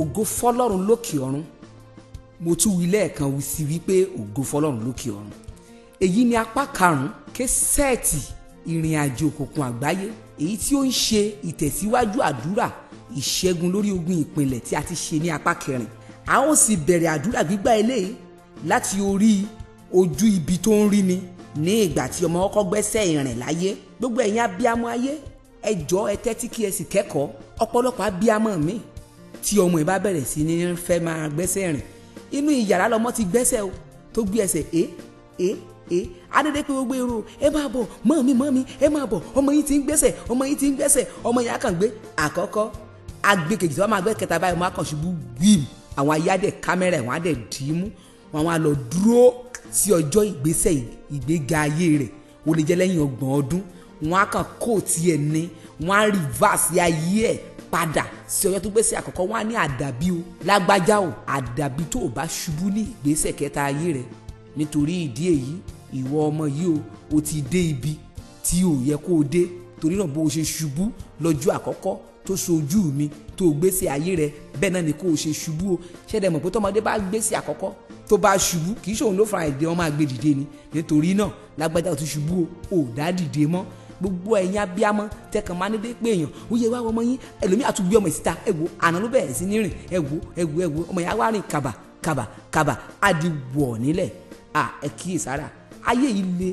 ògo fọlọ́run lókè ọ̀run mo tún wí lẹ́ẹ̀kan sí wípé ògo fọlọ́run lókè ọ̀run èyí ni apá karùn-ún késẹ́ẹ̀tì ìrìn àjò òkùnkùn àgbáyé èyí tí ó ń ṣe ìtẹ̀síwájú àdúrà ìṣẹ́gun lórí ogun ìpìlẹ̀ tí a ti ṣe ní apá kẹrin a ó sì bẹ̀rẹ̀ àdúrà gbígbà eléyìí láti orí ojú ibi tó ń rí ni ní ìgbà tí ọmọ ọkọ gbẹ́sẹ̀ ìrìn láyé gbogbo ẹ̀yin abiyamọ ayé ẹ jọ̀ọ́ ẹ tẹ́tí kí ẹ sì kẹ́kọ̀ọ́ ọ̀pọ̀lọpọ̀ abiyamọ mi tí ọmọ yìí bá bẹ̀rẹ̀ sí ní fẹ́ máa gbẹ́sẹ̀ rìn inú ìyàrá lọmọ ti gbẹ́sẹ̀ o tó gbé ẹsẹ̀ é é é adédè pé gbogbo èrò ẹ máa bọ̀ mọ́mí mọ́mí ẹ máa bọ̀ ọmọ yìí ti ń gbẹ́sẹ̀ ọmọ yìí ti ń gbẹ́sẹ̀ ọmọ yìí á kàn gbé àkọ́kọ́ agbẹ́kejì tí wọ́n máa gbé kẹta báyìí wọ́n á kàn ṣubú gbìm àwọn ayé á dẹ̀ kámẹ́rà wọ́n á dẹ̀ dìímú wọ́n á lọ dúró sí ọjọ́ ìgbésẹ̀ ìgbéga ayé rẹ̀ ó lè jẹ́ lẹ́yìn ọgbọ̀n ọdún wọ́n á kàn kóòtì ẹ̀ ní wọ́n á rìvásì ayé ẹ̀ padà sí ọjọ́ tó gbèsè àkọ́kọ́ wọ́n á ní àdàbí o lágbájá o àdàbí tó o bá ṣubú ní ìgbésẹ̀ kẹta ayé rẹ nítorí ìdí èyí ìwọ ọmọ yìí o o ti dé ibi tí o yẹ kó o dé torí náà bó o ṣe ṣubú lọ́jọ́ àkọ́kọ́ tó sojú mi tó o gbèsè ayé rẹ bẹ́ẹ̀ náà ni kó o ṣe ṣubú o ṣẹ́dẹ̀ mọ̀ pé tọmọdé bá gbèsè àkọ́kọ́ tó bá ṣubú kì í ṣòun ló fara ìdè wọn máa gbé dìde ni nítorí náà lágbájá o ti ṣubú o ò dá dìde mọ́ gbogbo ẹ̀yin abiyamọ tẹkàn máa ní dé pé èèyàn ó yẹ wá ọmọ yín ẹlòmí àtúgbé ọmọ ìsíta ẹ wo àná ló bẹ̀rẹ̀ sí ní rìn ẹ wo ẹ wo ẹ wo ọmọ yẹn á wá rìn kàbà kàbà kàbà á di wọ̀ nílẹ̀ à ẹ kíyèsára ayé yìí le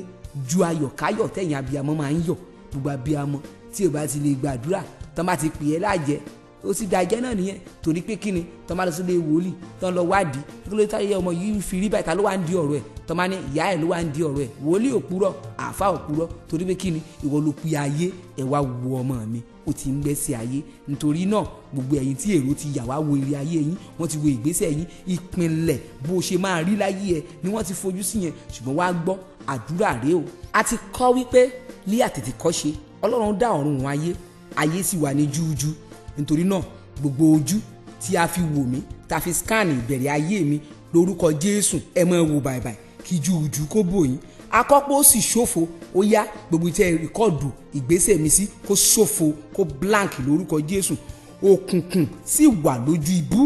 ju ayọ̀káyọ̀ tẹ̀yìn abiyamọ máa ń yọ̀ gbogbo abiyamọ tí o bá ti lè gbàdúrà tán bá ti pè é láàjẹ́ ó sì dàjẹ́ náà nìyẹn torí pé kíni tọ́ máa lọ sílé wòlíì tọ́ lọ wádìí tó lè táyé ọmọ yìí fi rí báyìí ta ló wá ń di ọ̀rọ̀ ẹ̀ tọ́ máa ní ìyá ẹ̀ ló wá ń di ọ̀rọ̀ ẹ̀ wòlíì òpùrọ̀ àfa òpùrọ̀ torí pé kíni ìwọ ló pe ayé ẹ̀ wá wo ọmọ mi ó ti ń gbẹ́sẹ̀ ayé nítorí náà gbogbo ẹ̀yin tí èrò ti yà wá wo eré ayé yín wọ́n ti wo ìgbésẹ̀ yín ìpínlẹ̀ bó ṣe máa rí láyé ẹ ni wọ́n ti fojú sí yẹn ṣùgbọ́n wá gbọ́ àdúrà rèé o. a ti kọ́ wípé lí àtètèkọ́ṣe ọlọ́run dá ọ̀run wọn ayé sì wà ní júújú nítorí náà gbogbo ojú tí a fi wò mí tá a fi scan ìbẹ̀rẹ̀ ayé mi lórúkọ jésù ẹ mọ̀ ẹ wò bàìbàì kí jùjú kó bò yín akọ́pọ̀ ó sì ṣòfò ó yá gbogbo iṣẹ́ rìkọ́ọ̀dù ìgbésẹ̀ mi sí kó ṣòfò kó blank lórúkọ jésù òkùnkùn sì wà lójú ibú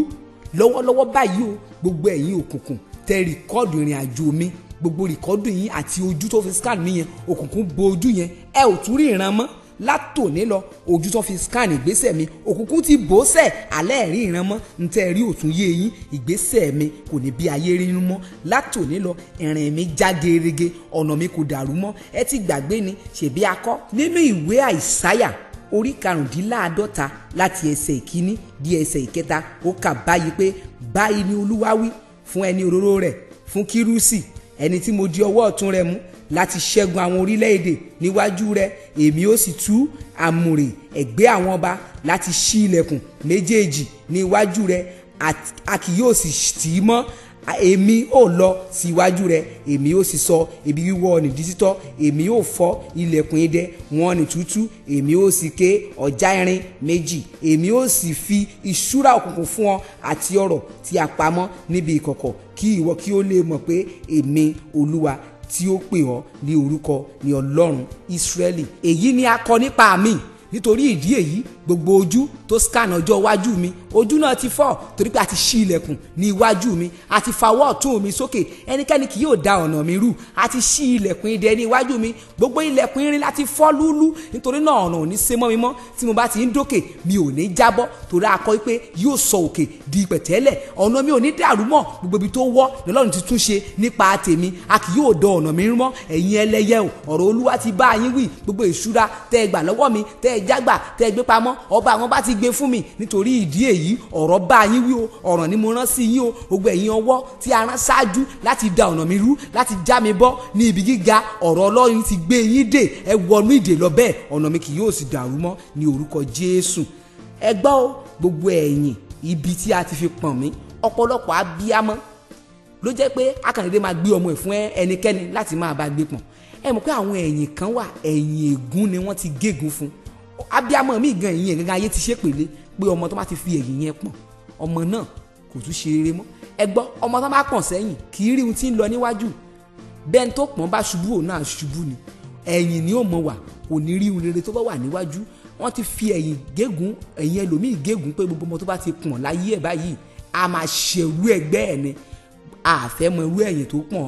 lọ́wọ́lọ́wọ́ báyìí o gbogbo ẹ̀yin òkùnkùn tẹ rìkọ́ọ̀dù ìrìn àjò mi gbogbo rìkọ́ọ̀dù yín àti ojú tó fi scan mi yẹn òkùnkùn bo ojú yẹn ẹ ò tún rí ìran mọ́ látòní lọ ojú tó fi scan ìgbésẹ̀ mi òkùnkùn ti bò sẹ̀ alẹ́ ẹ̀rí ìran mọ́ ntẹ́ rí òtún yé yín ìgbésẹ̀ mi kò ní bí ayé rínú mọ́ látòní lọ ìrìn mi já gerege ọ̀nà mi kò dàrú mọ́ ẹ ti gbàgbé ni ṣèbí akọ́ nínú ìwé àìsáyà orí karùndínláàádọ́ta láti ẹsẹ̀ ìkíní di ẹsẹ̀ ìkẹta ó kà báyìí pé báyìí ni olúwa wí fún ẹni òróró rẹ̀ fún kírúsì ẹni tí mo di ọwọ́ ọ̀tún rẹ̀ mú láti ṣẹ́gun àwọn orílẹ̀-èdè níwájú rẹ èmi ó sì tú àmùrè ẹ̀gbẹ́ àwọn ọba láti ṣí ilẹ̀kùn méjèèjì níwájú rẹ a kì yóò sì tì í mọ́ èmi ò lọ síwájú rẹ èmi ò sì sọ ibi wíwọ́ ní dítítọ́ èmi ò fọ́ ilẹ̀kùn idẹ wọn ní tútú èmi ò sì ké ọ̀já irin méjì èmi ò sì fi ìṣúra òkùnkùn fún ọ àti ọ̀rọ̀ tí a pamọ́ níbi ìkọ̀kọ̀ kí ìwọ kí ó lè mọ̀ pé èmi olúwa tí ó pè ọ́ ní orúkọ ní ọlọ́run Ísírẹ́lì èyí ni a kọ nípa mi nítorí ìdí èyí gbogbo ojú tó scan ọjọ́ iwájú mi ojú náà ti fọ́ torí pé a ti ṣí ilẹ̀kùn ní iwájú mi a ti fawọ́ ọ̀tún mi sókè ẹnikẹ́ni kì yóò da ọ̀nà mi rú a ti ṣí ilẹ̀kùn idẹ ní iwájú mi gbogbo ilẹ̀kùn irin láti fọ́ lúlú nítorí náà ọ̀nà ò ní sé mọ́ mi mọ́ tí mo bá ti ń dókè mi ò ní jábọ́ torí akọ pé yóò sọ òkè di pẹ̀tẹ́lẹ̀ ọ̀nà mi ò ní dàrú mọ́ gbogbo ibi tó wọ́ lọ́lọ́run ti tún ṣe nípa tèmi a kì yóò dọ ọ̀nà mi rú mọ́ ẹ̀yin ẹlẹ́yẹ ọ̀rọ̀ olúwa ti bá yín wí gbogbo ìṣúra tẹ́ gbà lọ́wọ́ mi tẹ́ tẹ́ ẹ jágbà tẹ́ ẹ gbé pamọ́ ọba àwọn bá ti gbé fún mi nítorí ìdí èyí ọ̀rọ̀ bá yín wí o ọ̀rọ̀ ni mo rán sí yín o gbogbo ẹ̀yin ọwọ́ tí a rán ṣáájú láti da ọ̀nà mi rú láti já mi bọ́ ní ibi gíga ọ̀rọ̀ ọlọ́run ti gbé yín dè ẹ wọnú ìdè lọ bẹ́ẹ̀ ọ̀nà mi kì yóò sì dàrú mọ́ ní orúkọ Jésù ẹ gbọ́ o gbogbo ẹ̀yin ibi tí a ti fi pọ̀n mí ọ̀pọ̀lọpọ̀ abiyamọ ló jẹ́ pé akàndéédé máa gbé ọmọ ẹ̀ fún ẹnikẹ́ni láti máa bá gbé pọ̀n ẹ mọ̀ pé àwọn ẹ̀yìn kan wà ẹ̀yìn ègún ni wọ́n ti gégùn fún un abiamọ mi gan ẹ̀yìn ẹ̀gángan ayé ti ṣe pèlè pé ọmọ tó bá ti fi ẹ̀yìn yẹn pọ̀n ọmọ náà kò tún ṣe rere mọ́ ẹ gbọ́ ọmọ tó bá pọ̀n sẹ́yìn kì í rí ohun tí ń lọ níwájú bẹ́ẹ̀ tó pọ̀n bá ṣubú òun náà ṣubú ni ẹ̀yìn ni ó mọ wà kò ní rí ohun rere tó bá wà níwájú wọ́n ti fi ẹ̀yìn gégùn ẹ̀yìn ẹlòmíì gégùn pé gbogbo ọmọ tó bá ti pọ̀n láyé ẹ̀ báyìí a máa ṣerú ẹgbẹ́ ẹ̀ ni àfẹ́mọ irú ẹ̀yìn tó pọ̀n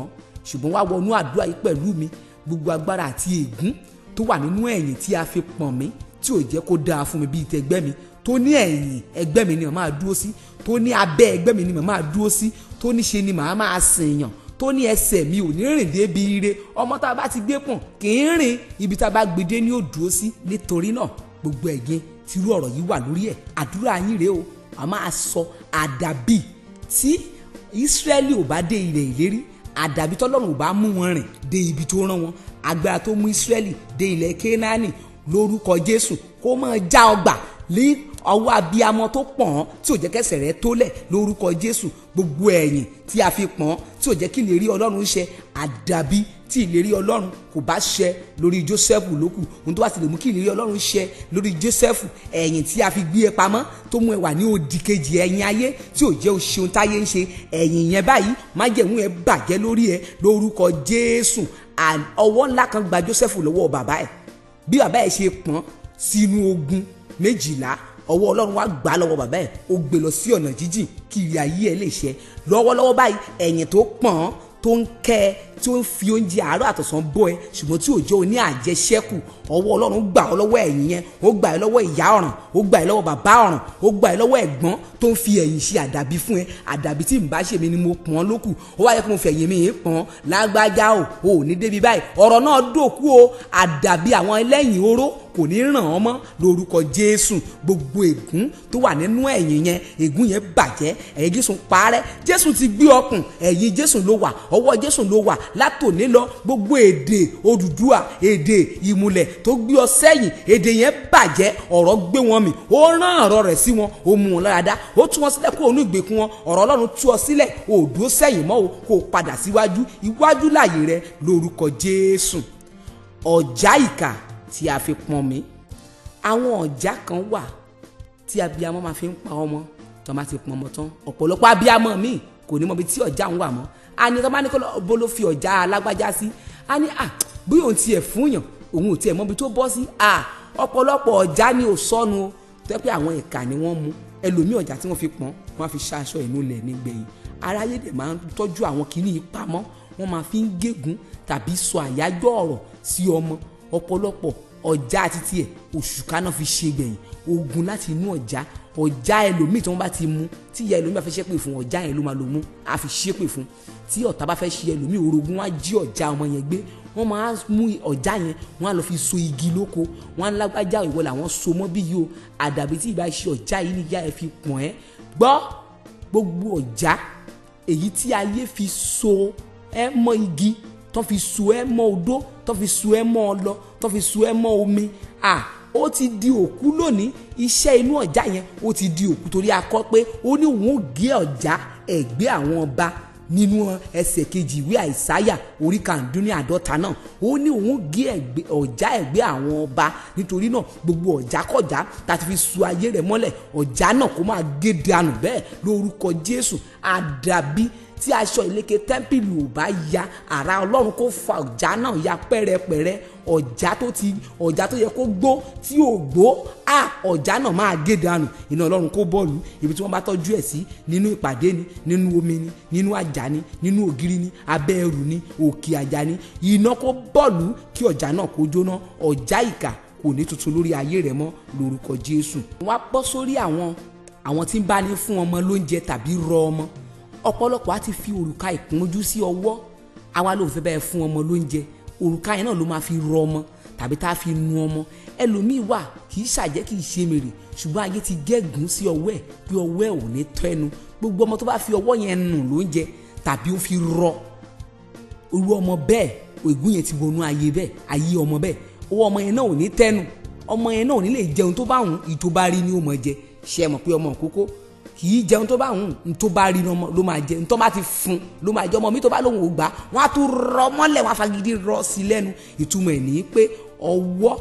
ṣùgbọ́n wá wọnú àdúrà yìí pẹ̀lú mi gbogbo agbára àti ègún tó wà nínú ẹ̀yìn tí a fi pọ̀n mí tí ò jẹ́ kó dáa fún mi bíi tẹgbẹ́ mi tó ní ẹ̀yìn ẹgbẹ́ mi ni màá dúró sí tó ní abẹ́ ẹgbẹ́ mi ni màá dúró sí tó ní ṣe ni màá máa sìn yàn tó ní ẹsẹ̀ mi ò ní rìn dé ibi ire ọmọ tá a bá ti gbé pọ̀n kì í rìn ibi tá a bá gbé dé ni ó dúró sí nítorí náà gbogbo ẹ̀yin tírú ọ̀rọ̀ yìí wà lórí ẹ̀ àdúrà yín rèé o a máa sọ àdàbí tí Ísírẹ́lì ò bá dé ilẹ̀ ìlérí àdàbí tọ́lọ́run ò bá mú wọn rìn dé ibi tó rán wọn agbára tó mú Ísírẹ́lì dé ilẹ̀ Kénáánì lórúkọ jésù kó máa já ọgbà ní ọwọ́ abiyamọ tó pọ̀n tí ò jẹ́ kẹsẹ̀ rẹ tólẹ̀ lórúkọ jésù gbogbo ẹ̀yìn tí a fi pọ̀n tí ò jẹ́ kí ìlérí ọlọ́run ṣẹ àdàbí tí ìlérí ọlọ́run kò bá ṣẹ lórí jósẹ́fù lókù ohun tó wá sì lè mú kí ìlérí ọlọ́run ṣẹ lórí jósẹ́fù ẹ̀yìn tí a fi gbé e pamọ́ tó mú ẹ wà ní òdì kejì ẹ̀yìn ayé tí ò jẹ́ òṣèun táyé ń ṣe ẹ̀yìn yẹn báyìí májẹ̀mú ẹ bàjẹ́ lórí ẹ lórúkọ jésù ọwọ́ ńlá kan gba jósẹ́fù lọ́wọ́ bàbá ẹ̀ bí bàbá ẹ̀ ṣe pọ́n sínú ogun méjìlá ọwọ́ ọlọ́run wá gbà lọ́wọ́ bàbá ẹ̀ ó gbé lọ sí ọ̀nà jíjìn kí ilé ayé ẹ̀ lè ṣe lọ́wọ́lọ́wọ́ báyìí ẹ̀yìn tó pọ́n tó ń kẹ́ ẹ tí ó ń fi oúnjẹ àárọ̀ àtọ̀sán bọ́ ẹ ṣùgbọ́n tí òjò ní àjẹṣẹ́kù ọwọ́ ọlọ́run gbà ọ́ lọ́wọ́ ẹ̀yìn yẹn ó gbà ẹ́ lọ́wọ́ ìyá ọ̀ràn ó gbà ẹ́ lọ́wọ́ bàbá ọ̀ràn ó gbà ẹ́ lọ́wọ́ ẹ̀gbọ́n tó ń fi ẹ̀yìn ṣe àdàbí fún ẹ àdàbí tí n bá ṣe mi ni mo pọ́n lókù ó wáyé kó mo fẹ̀yìn mi yìí pọ́n lágbájá o ò ní débi báyìí ọ̀rọ̀ náà dòkú o àdàbí àwọn ẹlẹ́yìn oró kò ní ràn án mọ́ lórúkọ jésù gbogbo ègún tó wà nínú ẹ̀yìn yẹn ègún yẹn bàjẹ́ ẹ̀yìn jésù parẹ́ jésù ti gbé ọkùn ẹ̀yìn jésù ló wà ọwọ́ jésù ló wà látòní lọ gbogbo èdè òdùdúà èdè ìmùlẹ̀ tó gbé ọ sẹ́yìn èdè yẹn bàjẹ́ ọ̀rọ̀ gbé wọn mì ó rán ọ̀rọ̀ rẹ̀ sí wọn ó mú wọn láradá ó tú wọn sílẹ̀ kó o ní ìgbèkùn wọn ọ̀rọ̀ ọlọ́run tú ọ sílẹ̀ òdó sẹ́yìn mọ́ o kó o padà síwájú iwájú láàyè rẹ lórúkọ jésù ọ̀já ìkà tí a fi pọn mi àwọn ọ̀já kan wà tí abiyamọ máa fi ń pa ọmọ tó máa ti pọn ọmọ tán ọ̀pọ̀lọpọ̀ abiyamọ míì kò ní mọ ibi tí ọ̀já ń wà mọ́ a ní tó bá ní kó bó ló fi ọ̀já alágbájá sí a ní à bí òun tiẹ̀ fúnyàn òun ò tiẹ̀ mọ ibi tó bọ́ sí à ọ̀pọ̀lọpọ̀ ọ̀já ni ò sọnù o tó yẹ pé àwọn ìka ni wọ́n mú ẹlòmíì ọ̀já tí wọ́n fi pọ́n wọ́n á fi ṣaṣọ ìnú lẹ̀ nígbẹ̀yìn aráyé dẹ̀ máa ń tọ́jú àwọn kìíní yìí pamọ́ wọ́n máa fi ń gégùn tàbí sọ àyájọ́ ọ̀rọ̀ sí ọmọ ọ̀pọ̀lọpọ̀ ọ̀já àti tiẹ̀ òṣùká náà fi ṣe gbẹ̀yìn ogun láti inú ọ̀já ọ̀já ẹlòmíì tí wọ́n bá ti mú tí ìyá ẹlòmíì bá fẹ́ ṣépè fún ọ̀já yẹn ló máa lò mú a fi ṣépè fún tí ọ̀tá bá fẹ́ ṣe ẹlòmíì orogún wá jí ọ̀já ọmọ yẹn gbé wọ́n máa mú ọ̀já yẹn wọ́n á lọ fi so igi lóko wọ́n á lágbájá ìwọ làwọn so mọ́ bí yìí o àdàbí tí ìbá ṣe ọ̀já yìí ni ìyá ẹ fi pọ̀n ẹ́ gbọ́ gbogbo ọ̀já èyí tí ayé fi so ẹ mọ́ igi tó fi so ẹ́ mọ́ odó tó fi so ẹ́ mọ́ ọlọ tó fi so ẹ́ mọ́ omi à ó ti di òkú lónìí iṣẹ́ inú ọ̀já yẹn ó ti di òkú torí a kọ pé ó ní òun gé ọ̀já ẹ̀gbẹ́ àwọn ọba nínú ẹsẹ̀ kejì ìwé àìsáyà orí kàndínní náà ó ní òun gé ọ̀já ẹ̀gbẹ́ àwọn ọba nítorí náà gbogbo ọ̀jákọ̀já tá a ti fi su ayé rẹ̀ mọ́lẹ̀ ọ̀já náà kó máa gé dànù bẹ́ẹ̀ lórúkọ Jésù àdàbí tí aṣọ ìlẹ̀kẹ̀ tẹ́ḿpìlì ò bá ya àrà ọlọ́run kó fa ọ̀já náà ya pẹ́rẹpẹ̀rẹ ọ̀já tó ti ọ̀já tó yẹ kó gbó tí ò gbó à ọ̀já náà máa gé dànù iná ọlọ́run kó bọ́ọ̀lù ibi tí wọ́n bá tọ́jú ẹ̀ sí nínú ìpàdé ni nínú omi ni nínú àjà ni nínú ògiri ni abẹ́ ẹrù ni òkè àjà ni iná kó bọ́ọ̀lù kí ọ̀já náà kó jóná ọ̀já ìkà kò ní tuntun lórí ayé rẹ mọ́ lórúkọ Jésù. wọ́n á bọ́ sórí àwọn àwọn tí ń bá ní fún ọmọ lóúnjẹ tàbí rọ ọmọ ọ̀pọ̀lọpọ̀ á ti fi òrùka ìpọ́njú sí ọwọ́ àwa ló fẹ́ bẹ́ẹ̀ fún ọmọ lóúnjẹ òrùka yẹn náà ló máa fi rọ ọmọ tàbí tá a fi nu ọmọ ẹlòmíì wà kì í ṣàjẹ́ kì í ṣe mèrè ṣùgbọ́n ayé ti gẹ́gùn sí ọwọ́ ẹ̀ pé ọwọ́ ẹ̀ ò ní tọ́ ẹnu gbogbo ọmọ tó bá fi ọwọ́ yẹn nù lóúnjẹ tàbí ó fi rọ irú ọmọ bẹ́ẹ̀ ègún yẹn ti wọnú ayé bẹ́ẹ̀ ayé ọmọ bẹ́ẹ̀ owó ọmọ yẹn náà ò ní tẹ́nu ọmọ yẹn náà ò ní lè jẹun tó bá wùn ìtó bá rí ni ó mọ̀ jẹ ṣe é mọ̀ pé ọmọ òkókó kì í jẹun tó bá ń n tó bá rí ló máa jẹ n bá ti fún ló máa jẹ ọmọ mi tó bá lóun ò gbà wọn á tún rọ mọ́lẹ̀ wọn á fagidi rọ sí lẹ́nu ìtumọ̀ ẹ̀ ní pé ọwọ́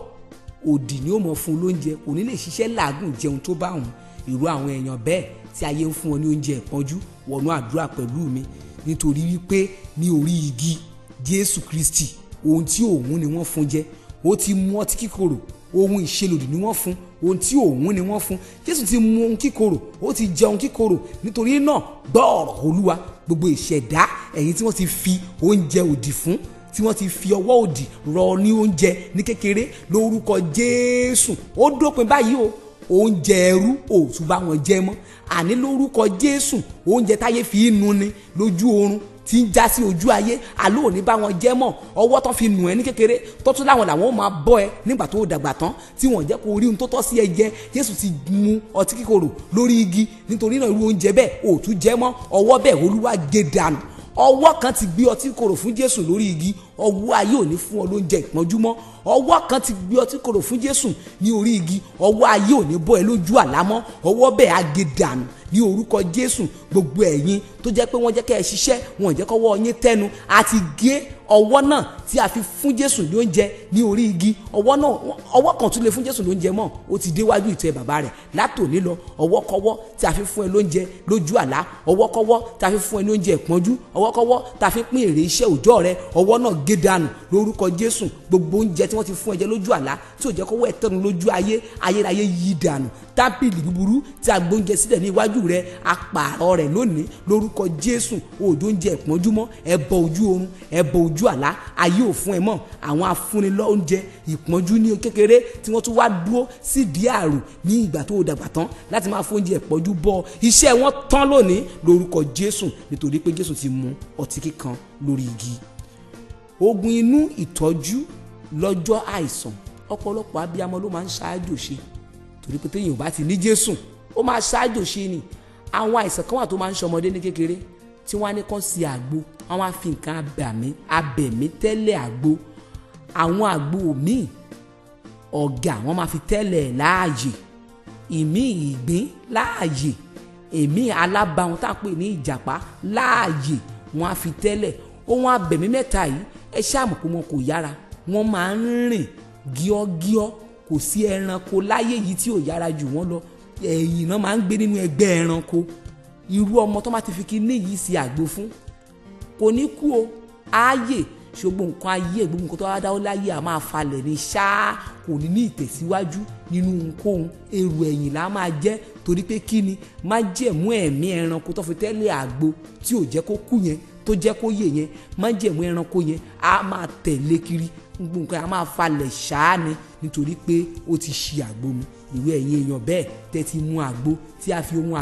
òdì ni ó mọ̀ fún lóúnjẹ kò ní lè ṣiṣẹ́ làágùn jẹun tó bá ń irú àwọn èèyàn bẹ́ẹ̀ tí ayé ń fún wọn ní oúnjẹ ìpọ́njú wọnú àdúrà pẹ̀lú mi nítorí wípé ní orí igi Jésù Kristi ohun tí òun ni wọ́n fún jẹ ó ti mú ọtí kíkorò ohun ìṣelòdì ni wọ́n fún ohun tí òun ni wọ́n fún jésù ti mu ohun kíkorò ó ti jẹ ohun kíkorò nítorí náà gbọ́ ọ̀rọ̀ olúwa gbogbo ìṣẹ̀dá ẹ̀yin tí wọ́n ti fi oúnjẹ òdì fún tí wọ́n ti fi ọwọ́ òdì rọ ní oúnjẹ ní kékeré lórúkọ jésù ó dópin báyìí o oúnjẹ ẹrú òtún bá wọn jẹ mọ́ àní lórúkọ jésù oúnjẹ táyé fi ń nuni lójú oorun tí ń já sí ojú ayé àlọ́ òní bá wọn jẹ́ mọ̀ ọwọ́ tó fi nù ẹ́ ní kékeré tó tún láwọn làwọn máa bọ́ ẹ nígbà tó dàgbà tán tí wọ́n jẹ́ kó rí ohun tó tọ́ sí ẹ jẹ Jésù ti mu ọtí kíkorò lórí igi nítorí náà irú oúnjẹ bẹ́ẹ̀ òòtú jẹ́ mọ́ ọwọ́ bẹ́ẹ̀ Olúwa gé dànù ọwọ́ kan ti gbé ọtí kíkorò fún Jésù lórí igi ọwọ́ ayé ò ní fún ọ lóúnjẹ ìpọ́njú mọ́ ọwọ́ kan ti gbé ọtí korò fún Jésù ní orí igi ọwọ́ ayé ò ní bọ́ ẹ lójú àlámọ́ ọwọ́ bẹ́ẹ̀ agedànù ní orúkọ Jésù gbogbo ẹ̀yin tó jẹ́ pé wọ́n jẹ́ kẹ́ ẹ ṣiṣẹ́ wọn ò jẹ́ kọ́wọ́ yín tẹnu àti gé ọwọ́ náà tí a fi fún Jésù lóúnjẹ ní orí igi ọwọ́ náà ọwọ́ kan tún lè fún Jésù lóúnjẹ mọ́ ó ti déwájú ìtẹ́ bàbá rẹ̀ látòní lọ ọwọ́kọ́wọ́ tí a fi fún ẹ lóúnjẹ lójú àlá ọwọ́kọ́wọ́ tí a fi fún ẹ lóúnjẹ ìpọ́njú ọwọ́kọ́wọ́ tí a fi pín èrè iṣẹ́ òòjọ́ rẹ ọwọ́ náà gé dànù lórúkọ jésù gbogbo oúnjẹ tí wọ́n ti fún ẹ̀jẹ̀ lójú àlá tí ò jẹ́ kọ́wọ́ ẹ̀ tẹnu lójú ayé ayérayé yí dànù tábìlì búburú tí a gbóúnjẹ sílẹ̀ ní iwájú rẹ apààrọ̀ rẹ̀ lónìí lórúkọ jésù òòjó oúnjẹ ìpọ́njúmọ́ ẹbọ ojú oorun ẹbọ ojú àlá ayé òfun ẹ̀ mọ́ àwọn afúnilọ́ oúnjẹ ìpọ́njú ní kékeré tí wọ́n tún wá dúró sí díàrù ní ìgbà tó dàgbà tán láti máa fóúnjẹ ìpọ́njú bọ́ iṣẹ́ wọn tán lónìí ogun inú ìtọ́jú lọ́jọ́ àìsàn ọ̀pọ̀lọpọ̀ abiyamọ ló máa ń ṣáájò ṣe torí pé téèyàn bá ti ní Jésù ó máa ṣáájò ṣe ni àwọn àìsàn kan wà tó máa ń ṣọmọdé ní kékeré tí wọ́n á ní kán sí àgbo àwọn á fi nǹkan abẹ̀mí abẹ̀mí tẹ́lẹ̀ àgbo àwọn àgbo míì ọ̀gà wọ́n máa fi tẹ́lẹ̀ láàyè ìmí ìgbín láàyè èmi alábàáhùn tá à pè ní ìjàpá láàyè wọ́n á fi tẹ́lẹ̀ ohun abẹ̀mí mẹ́ta yìí ẹ ṣáàmù pé wọn kò yára wọn máa ń rìn gíọ́gíọ́ kò sí ẹranko láyé yìí tí ò yára jù wọ́n lọ ẹ̀yìn náà máa ń gbé nínú ẹgbẹ́ ẹranko irú ọmọ tó bá ti fi kíní yìí sí àgbo fún kò ní kú o ààyè ṣògbọ́n nǹkan ayé gbogbo nǹkan tó wá dáwọ́ láyé à máa falẹ̀ ní ṣáá kò ní ní ìtẹ̀síwájú nínú ohunkóhun èrò ẹ̀yìn là máa jẹ́ torí pé kíni má jẹ̀mú ẹ̀mí ẹranko tó fi tẹ́lẹ̀ àgbo tí ò jẹ́ kó kú yẹn tó jẹ́ kó yè yẹn májẹ̀mú ẹranko yẹn á máa tẹ̀lé kiri gbogbo nǹkan á máa falẹ̀ ṣáá ni nítorí pé ó ti ṣi àgbo mu ìwé ẹ̀yin èèyàn bẹ́ẹ̀ tẹ́ ti mu àgbo tí a fi ohun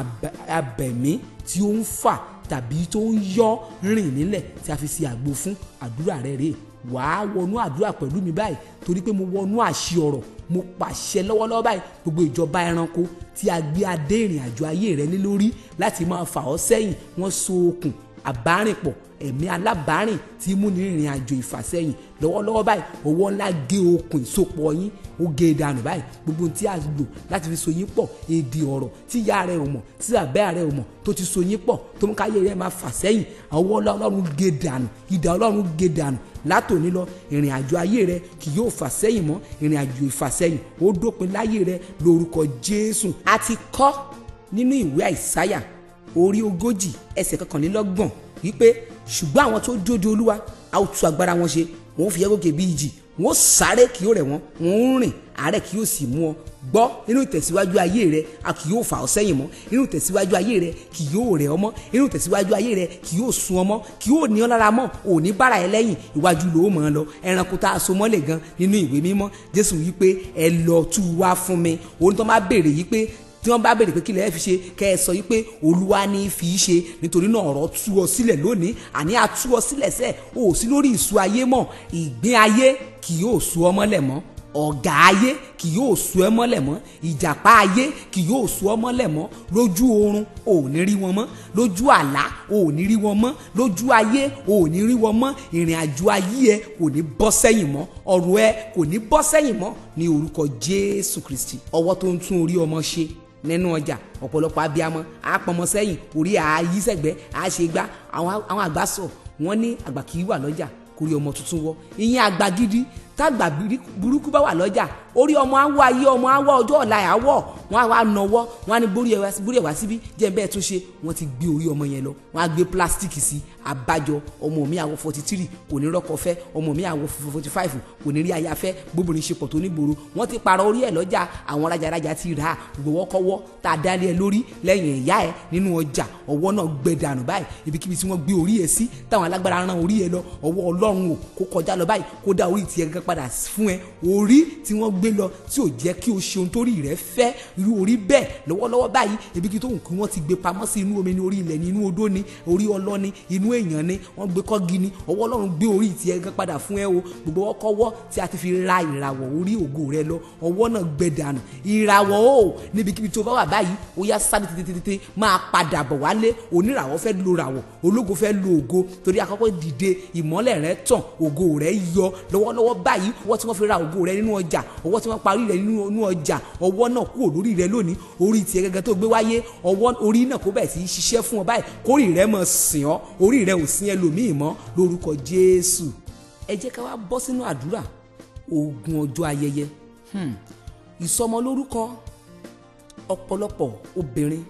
abẹ̀mí tí ó ń fà tàbí tó ń yọ rìn nílẹ̀ tí a fi ṣe àgbo fún àdúrà rẹ̀ rèé wàá wọnú àdúrà pẹ̀lú mi báyìí torí pé mo wọnú àṣì ọ̀rọ̀ mo pàṣẹ lọ́wọ́lọ́wọ́ báyìí gbogbo ìjọba ẹranko tí a gbé adé ìrìn àjò ayé rẹ lé lórí láti máa fà ọ́ sẹ́yìn wọ́n so okùn àbárìnpọ̀ ẹ̀mí alábàárìn tí mú ní ìrìn àjò ìfàsẹ́yìn lọ́wọ́lọ́wọ́ báyìí ọwọ́ ńlá gé okùn ìsopọ̀ yín ó gé e dànù báyìí gbogbo tí a lò láti fi so yín pọ̀ èdè ọ̀rọ̀ tí ìyá rẹ̀ ò mọ̀ tí àbẹ́ rẹ̀ ò mọ̀ tó ti so yín pọ̀ tó ń káyé rẹ̀ máa fà sẹ́yìn ọwọ́ ọlọ́run gé e dànù ìdà ọlọ́run gé e dànù látòní lọ ìrìn àjò ayé rẹ kì yóò fà sẹ́yìn mọ́ ìrìn àjò ìfàsẹ́yìn ó dópin láyé rẹ lórúkọ Jésù a ti kọ́ nínú ìwé Àìsáyà orí ogójì ẹsẹ̀ kọkànlélọ́gbọ̀n wípé ṣùgbọ́n àwọn tó dóde olúwa a ó tu agbára wọn ṣe wọn ó fi ẹgòkè bí ìjì wọn ó sáré kì yóò rẹ̀ wọ́n wọn ó rìn àárẹ̀ kì yóò sì mú ọ gbọ́ inú ìtẹ̀síwájú ayé rẹ a kì yóò fà ọ́ sẹ́yìn mọ́ inú ìtẹ̀síwájú ayé rẹ kì yóò rẹ̀ ọ́ mọ́ inú ìtẹ̀síwájú ayé rẹ kì yóò sun ọ́ mọ́ kì yóò ní ọ́ lára mọ́ òní bára ẹ lẹ́yìn iwájú ló mọ̀ ọ́ lọ ẹranko tá a so mọ́lẹ̀ gan nínú ìwé mímọ́ Jésù wípé ẹ lọ tú wá fún mi òun tó máa béèrè yìí pé tí wọ́n bá béèrè pé kí lẹ́ẹ̀ fi ṣe kẹ́ ẹ sọ yìí pé olúwa ní fi í ṣe nítorí náà ọ̀rọ̀ tú ọ sílẹ̀ lónìí àní àtú ọ sílẹ̀ sẹ́ẹ̀ o ò sí lórí ìṣú ayé mọ́ ìgbín ayé kì yóò sú ọ mọ́lẹ̀ mọ́ ọ̀gá ayé kì yóò sú ẹ mọ́lẹ̀ mọ́ ìjàpá ayé kì yóò sú ọ mọ́lẹ̀ mọ́ lójú oorun ò ní rí wọn mọ́ lójú àlá ò ní rí wọn mọ́ lójú ayé ò ní rí wọn mọ́ ìrìn àjò ayé ẹ kò ní bọ́ sẹ́yìn mọ́ ọ̀rọ̀ ẹ kò ní bọ́ sẹ́yìn mọ́ ní orúkọ Jésù Kristi ọwọ́ tó ń tún orí ọmọ ṣe nínú ọjà ọ̀pọ̀lọpọ̀ abiyamọ àpọ̀mọ sẹ́yìn orí ààyè sẹ́gbẹ́ àṣegbá àwọn àgbà sọ wọ́n ní àgbà kì í wà lọ́jà kórí ọmọ tuntun wọ́ ìyẹn àgbà gidi tágbà burúkú bá wà lọ́jà orí ọmọ awọ ayé ọmọ awọ ọjọ́ ọ̀la àwọ̀ wọn àwa nọwọ́ wọn á ní borí ẹwà borí ẹwà síbí jẹ́ bẹ́ẹ̀ tún ṣe wọ́n ti gbé orí ọmọ yẹn lọ wọ́n á gbé pílásítìkì sí abájọ ọmọ mi àwọ̀ forty three kò ní rọ́kọ fẹ́ ọmọ mi àwọ̀ forty five kò ní rí aya fẹ́ gbogbo ní ṣe pọ̀ tó nígboro wọ́n ti parọ́ orí ẹ̀ lọ́jà àwọn rajaraja ti rà á gbowókọ́wọ́ tá a dálé ẹ lórí lẹ́yìn ẹ̀yà ẹ nínú ọjà ọwọ́ náà gbẹ dànù báyìí ibikíbi tí wọ́n gbé orí ẹ sí táwọn alágbára rán orí ẹ lọ ọwọ́ ọlọ́run kó kọjá lọ báyìí gbé lọ tí ò jẹ́ kí o ṣe ohun torí rẹ̀ fẹ́ irú orí bẹ́ẹ̀ lọ́wọ́lọ́wọ́ báyìí ibi kí tóun kí wọ́n ti gbé pamọ́ sí inú omi ní orí ilẹ̀ ní inú odó ni orí ọlọ́ ni inú èèyàn ni wọ́n gbé kọ́gi ni ọwọ́ ọlọ́run gbé orí tiẹ̀ gan padà fún ẹ o gbogbo ọkọ́wọ́ tí a ti fi ra ìràwọ̀ orí ògo rẹ lọ ọwọ́ náà gbẹ dànù ìràwọ̀ o níbikíbi tó bá wà báyìí ó yá sáré tètè máa padà bọ̀ wálé oníràwọ̀ fẹ́ lo ràwọ̀ ológo lo ògo torí àkọ́kọ́ dìde ìmọ́lẹ̀ rẹ ọwọ́ tí wọ́n parí rẹ̀ nínú ọjà ọwọ́ náà kúrò lórí rẹ̀ lónìí orí tiẹ̀ gẹ́gẹ́ tó gbé wáyé ọwọ́ orí náà kó bẹ̀rẹ̀ sí í ṣiṣẹ́ fún ọ báyìí kórì rẹ̀ mọ̀ sìn ọ́ orí rẹ̀ ò sin ẹlòmíì mọ́ lórúkọ Jésù ẹ jẹ́ ká wá bọ́ sínú àdúrà ogun ọjọ́ ayẹyẹ hmm. ìsọmọlórúkọ ọ̀pọ̀lọpọ̀ obìnrin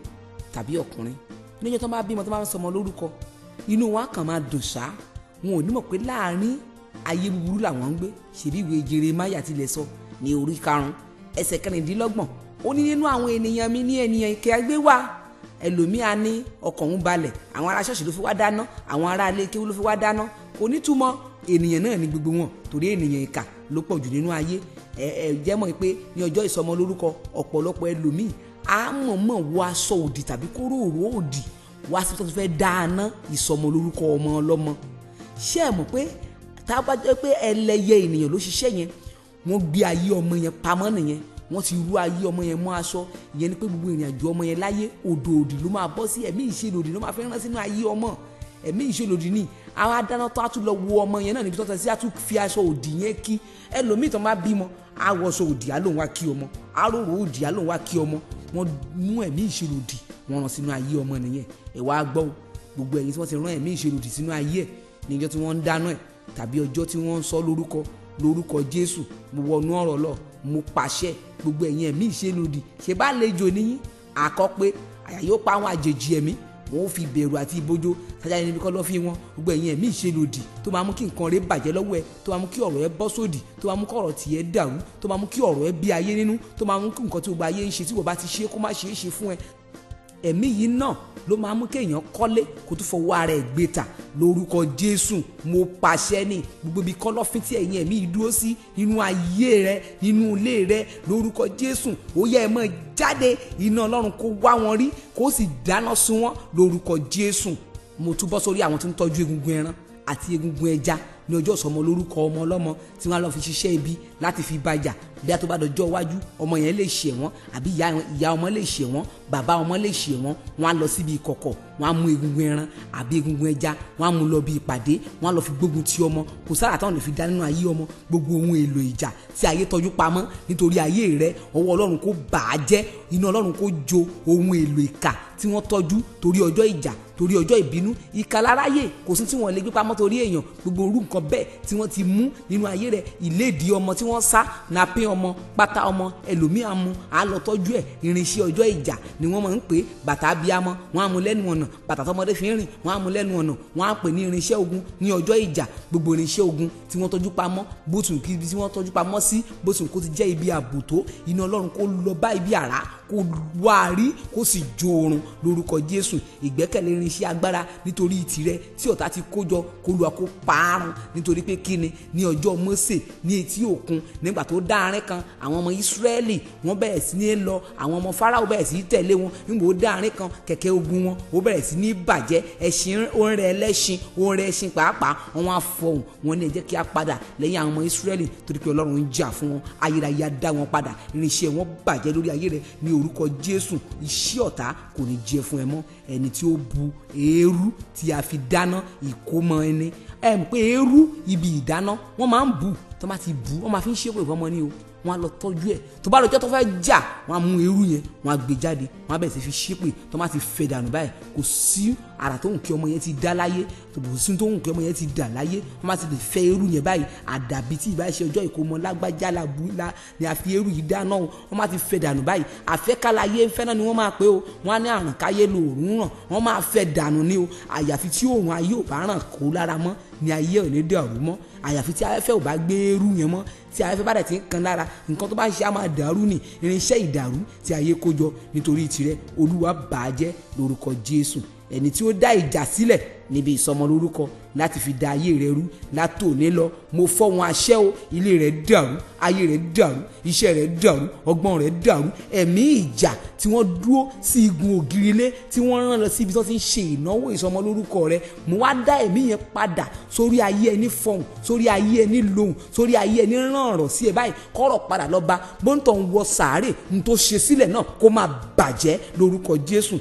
tàbí ọkùnrin níjọ́ tó bá bímọ tó bá ń sọmọ lórúkọ inú wọn kàn máa dùn ṣáá wọn ò ní mọ̀ pé láàárín ayé búburú làwọn ń gbé ṣèbí ìwé Jeremáyà tilẹ̀ sọ ní orí karùn-ún ẹsẹ̀ kẹrìndínlọ́gbọ̀n ó ní nínú àwọn ènìyàn mi ní ènìyàn ìkẹ́ ẹgbẹ́ wa ẹlòmíà ní ọkàn ń balẹ̀ àwọn ará ṣọ́ọ̀ṣì ló fi wá dáná àwọn ará ilé kéwú ló fi wá dáná kò ní túmọ̀ ènìyàn náà ní gbogbo wọn torí ènìyàn ìkà ló pọ̀ jù nínú ayé ẹ ẹ jẹ́ mọ̀ pé ní ọjọ́ ìsọmọ lórúkọ ọ̀pọ̀lọpọ̀ ẹlòmíì á mọ̀ mọ̀ wọ aṣọ òdì tàbí kóró òró òdì wá sí tó ti fẹ́ dáná ìsọmọ lórúkọ ọmọ ọlọ́mọ ṣé ẹ mọ̀ pé tá a bá jẹ́ pé ẹlẹ́yẹ ènìyàn ló ṣiṣẹ́ yẹn wọ́n gbé ayé ọmọ yẹn pamọ́ nìyẹn wọ́n ti rú ayé ọmọ yẹn mọ́ aṣọ ìyẹn ni pé gbogbo ìrìn àjò ọmọ yẹn láyé òdòdì ló máa bọ́ sí ẹ̀mí ìṣèlòdì ló máa fẹ́ rán sínú ayé ọmọ ẹ̀mí ìṣèlòdì ni àwọn adáná tó á tún lọ wo ọmọ yẹn náà níbi tó tẹ sí á tún fi aṣọ òdì yẹn kí ẹlòmíì tó máa bímọ àwọṣọ òdì á lòun wá kí ọmọ àròrò òdì á lòun wá kí ọmọ wọ́n mú ẹ̀mí ìṣèlòdì wọ́n rán sínú ayé ọmọ nìyẹn ẹ wá gbọ́ gbogbo ẹ̀yin tí wọ́n ti rán ẹ̀mí ìṣèlòdì sínú ayé ẹ̀ ní ọjọ́ tí wọ́n ń dáná ẹ̀ tàbí ọjọ́ tí wọ́n ń sọ lórúkọ lórúkọ jésù mo wọnú ọ̀rọ̀ lọ mo pàṣẹ gbogbo ẹ̀yin ẹ̀mí ìṣelòdì ṣe bá lejò níyìn àkọ́ pé àyà yóò pa àwọn àjèjì ẹ̀mí wọn ò fi bẹ̀rù àti ìbójó sájà níbi kọ́ lọ́ fi wọn gbogbo ẹ̀yin ẹ̀mí ìṣelòdì tó máa mú kí nǹkan rẹ bàjẹ́ lọ́wọ́ ẹ tó máa mú kí ọ̀rọ̀ ẹ bọ́ sódì tó máa mú kí ọ̀rọ̀ tìyẹ dàrú tó máa mú kí ọ̀rọ̀ ẹ bí ayé nínú tó máa mú kí nǹkan tí gbogbo ayé ń ṣe tí wọ́n bá ti ṣe kó má ṣe ṣe fún ẹ ẹ̀mí yìí náà ló máa mú kéèyàn kọ́lé kó tó fọwọ́ ara ẹ̀ gbé tà lórúkọ jésù mo pàṣẹ ni gbogbo ibi kọ̀lọ̀fín tí ẹ̀yin ẹ̀mí yìí dúró sí inú ayé rẹ inú ilé rẹ lórúkọ jésù ó yẹ ẹ mọ jáde iná ọlọ́run kó wá wọn rí kó sì dáná sun wọn lórúkọ jésù mo túbọ̀ sórí àwọn tó ń tọ́jú egungun ẹran àti egungun ẹja ní ọjọ́ ìsọmọ lórúkọ ọmọ ọlọ́mọ tí wọ́n á lọ fi ṣiṣẹ́ ibi láti fi bàjà bí a tó bá dọjọ́ iwájú ọmọ yẹn lè ṣe wọ́n àbí ìyá ọmọ lè ṣe wọ́n bàbá ọmọ lè ṣe wọ́n wọ́n á lọ síbi ìkọ̀kọ̀ wọ́n á mú egungun ẹran àbí egungun ẹja wọ́n á mú lọ bí ìpàdé wọ́n á lọ fi gbógun ti ọmọ kò sára táwọn lè fi dá nínú ayé ọmọ gbogbo ohun èlò ìjà tí ayé tọ́jú pamọ́ nítorí ayé rẹ ọwọ́ ọlọ́run kó bàá jẹ́ iná ọlọ́run kó jó ohun èlò ìkà tí wọ́n tọ́jú torí ọjọ́ ìjà torí ọjọ́ ìbínú ìkà kò sí tí wọ́n lè gbé pamọ́ torí èèyàn gbogbo orú nǹkan bẹ́ẹ̀ tí wọ́n ti mú nínú ayé rẹ̀ ìlédìí ọmọ tí wọ́n sá napin ọmọ pátá ọmọ ẹlòmíì amú àlọ́tọ́jú ẹ̀ irinṣẹ́ ọjọ́ ìjà ni wọ́n máa ń pè bàtà abiyamọ wọ́n á mú lẹ́nu ọ̀nà bàtà tọmọdé fi ń rìn wọ́n á mú lẹ́nu ọ̀nà wọ́n á pè ní irinṣẹ́ ogun ní ọjọ́ ìjà gbogbo irinṣẹ́ ogun tí wọ́n tọ́jú pamọ́ bótùn kí ibi tí wọ́n tọ́jú pamọ́ sí bótùn kó ti jẹ́ ibi àbùtó iná ọlọ́run kó lọ bá ibi àrá kó wá rí kó sì jó oorun lórúkọ jésù ìgbẹ́kẹ̀lé irinṣẹ́ agbára nítorí tirẹ̀ tí ọ̀tá ti kójọ kó lu àkó paárun nítorí pé kíni ní ọjọ́ Mósè ní etí òkun nígbà tó dá arín kan àwọn ọmọ Ísírẹ́lì wọ́n bẹ̀rẹ̀ sí ní lọ àwọn ọmọ Fáráò bẹ̀rẹ̀ sí tẹ̀lé wọn nígbà ó dá arín kan kẹ̀kẹ́ ogun wọn ó bẹ̀rẹ̀ sí ní bàjẹ́ ẹṣin ó ń rẹ ẹlẹ́ṣin ó ń rẹ ẹṣin pàápàá wọn á fọhùn wọn ní ẹ jẹ́ kí a padà lẹ́yìn àwọn ọmọ Ísírẹ́lì torí pé Ọlọ́run ń orúkọ Jésù iṣẹ́ ọ̀tá kò ní jẹ fún ẹ mọ́ ẹni tí ó bu eérú tí a fi dáná ìkómọ ẹni ẹ mọ̀ pé eérú ibi ìdáná wọ́n máa ń bù tó máa ti bù wọ́n máa fi ń ṣépè fọmọ ní o wọn á lọ tọ́jú ẹ̀ tó bá lọ́jọ́ tó fẹ́ jà wọn á mú irú yẹn wọn á gbé e jáde wọn á bẹ̀rẹ̀ sí fi ṣépè tó má ti fẹ́ dànù báyìí kò sí àrà tó hùn kí ọmọ yẹn ti dá láyé kò sí tó hùn kí ọmọ yẹn ti dà láyé wọn má ti lè fẹ́ irú yẹn báyìí àdàbí tí ìbá ṣe ọjọ́ ìkómọ lágbájá làbúlá ni a fi irú yìí dáná o wọn má ti fẹ́ dànù báyìí àfẹ́kálàyé ń fẹ́ náà ni wọ́n máa pé o wọn á ní àrùn káyé lòórùn ràn wọ́n máa fẹ́ dànù ni o àyàfi tí òun ayé ò bá ràn kó lára mọ́ ni ayé ò ní dẹ̀rù mọ́ àyàfi tí afẹ́fẹ́ ò bá gbé irú yẹn mọ́ tí afẹ́fẹ́ bá dẹ̀ ti ń kan lára nǹkan tó bá ń ṣe á máa dàrú ni irinṣẹ́ ìdàrú tí ayé kó jọ nítorí tirẹ̀ olúwa bàjẹ́ lórúkọ jésù ẹni tí ó dá ìjà sílẹ̀ níbi ìsọmọlórúkọ láti fi da ayé rẹ rú látòní lọ mo fọ́ wọn aṣẹ́ o ilé rẹ dàrú ayé rẹ dàrú iṣẹ́ rẹ dàrú ọgbọ́n rẹ dàrú ẹ̀mí ìjà tí wọ́n dúró sí igun ògiri ilé tí wọ́n rán lọ síbi tó ti ń ṣe ìnáwó ìsọmọlórúkọ rẹ mo wá dá ẹ̀mí yẹn padà sórí ayé ẹni fọhùn sórí ayé ẹni lòhùn sórí ayé ẹni rán ọ̀rọ̀ sí ẹ báyìí kọ́rọ̀ padà lọ bá bóńtọ̀ ń wọ sàárè ní tó ṣe sílẹ̀ náà kó máa bàjẹ́ lórúkọ Jésù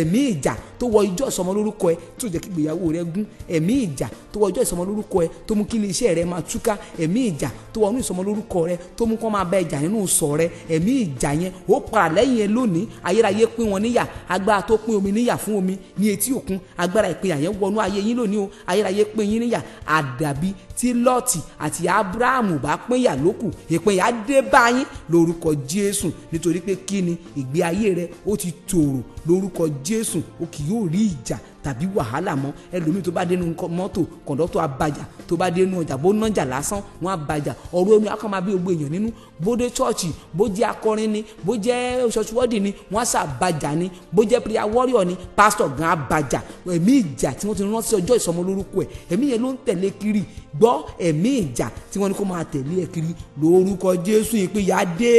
ẹ̀mí ìjà tó wọ ijó ìsọmọlórúkọ ẹ tó jẹ́ kí ìgbéyàwó rẹ gún ẹ̀mí ìjà tó wọ ọjọ́ ìsọmọlórúkọ ẹ tó mú kí ilé iṣẹ́ rẹ máa túká ẹ̀mí ìjà tó wọnú ìsọmọlórúkọ rẹ tó mú kó máa bá ìjà nínú sọ rẹ ẹ̀mí ìjà yẹn ó para lẹ́yìn ẹ lónìí ayérayé pín wọn níyà agbára tó pín omi níyà fún omi ní etí òkun agbára ìpínyà yẹn wọnú ayé yín lónìí o ayérayé pín yín níyà àdàbí tí lọ́ọ̀tì àti abrahamu bá pínyà lókù ìpínyà dé báyìí lórúkọ jésù nítorí pé kí ni ìgbé ayé rẹ ó ti tòrò lórúkọ jésù o kì yóò rí ìjà tàbí wàhálà mọ́ ẹlòmíì tó bá dénú mọ́tò kọ̀ǹdọ́tọ̀ abajà tó bá dénú ọjà bó nájà lásán wọn abajà ọ̀rọ̀ ẹnu akọ́ máa bí gbogbo èèyàn nínú bó dé ṣọ́ọ̀ṣì akọrin ni bó jẹ́ ṣọ́ọ̀ṣìwọ́dì ni wọ́n sà abajà ni bó jẹ́ prayer warrior ni pásítọ̀ gan abajà ẹ̀mí ìjà tí wọ́n ti rán sí ọjọ́ ìsọmọlórúkọ ẹ̀mí yẹn ló ń tẹ̀lé kiri gbọ́ ẹ̀mí ìjà tí wọ́n ní kó máa tẹ̀lé ẹ kiri lórúkọ jésù ìpínyà dé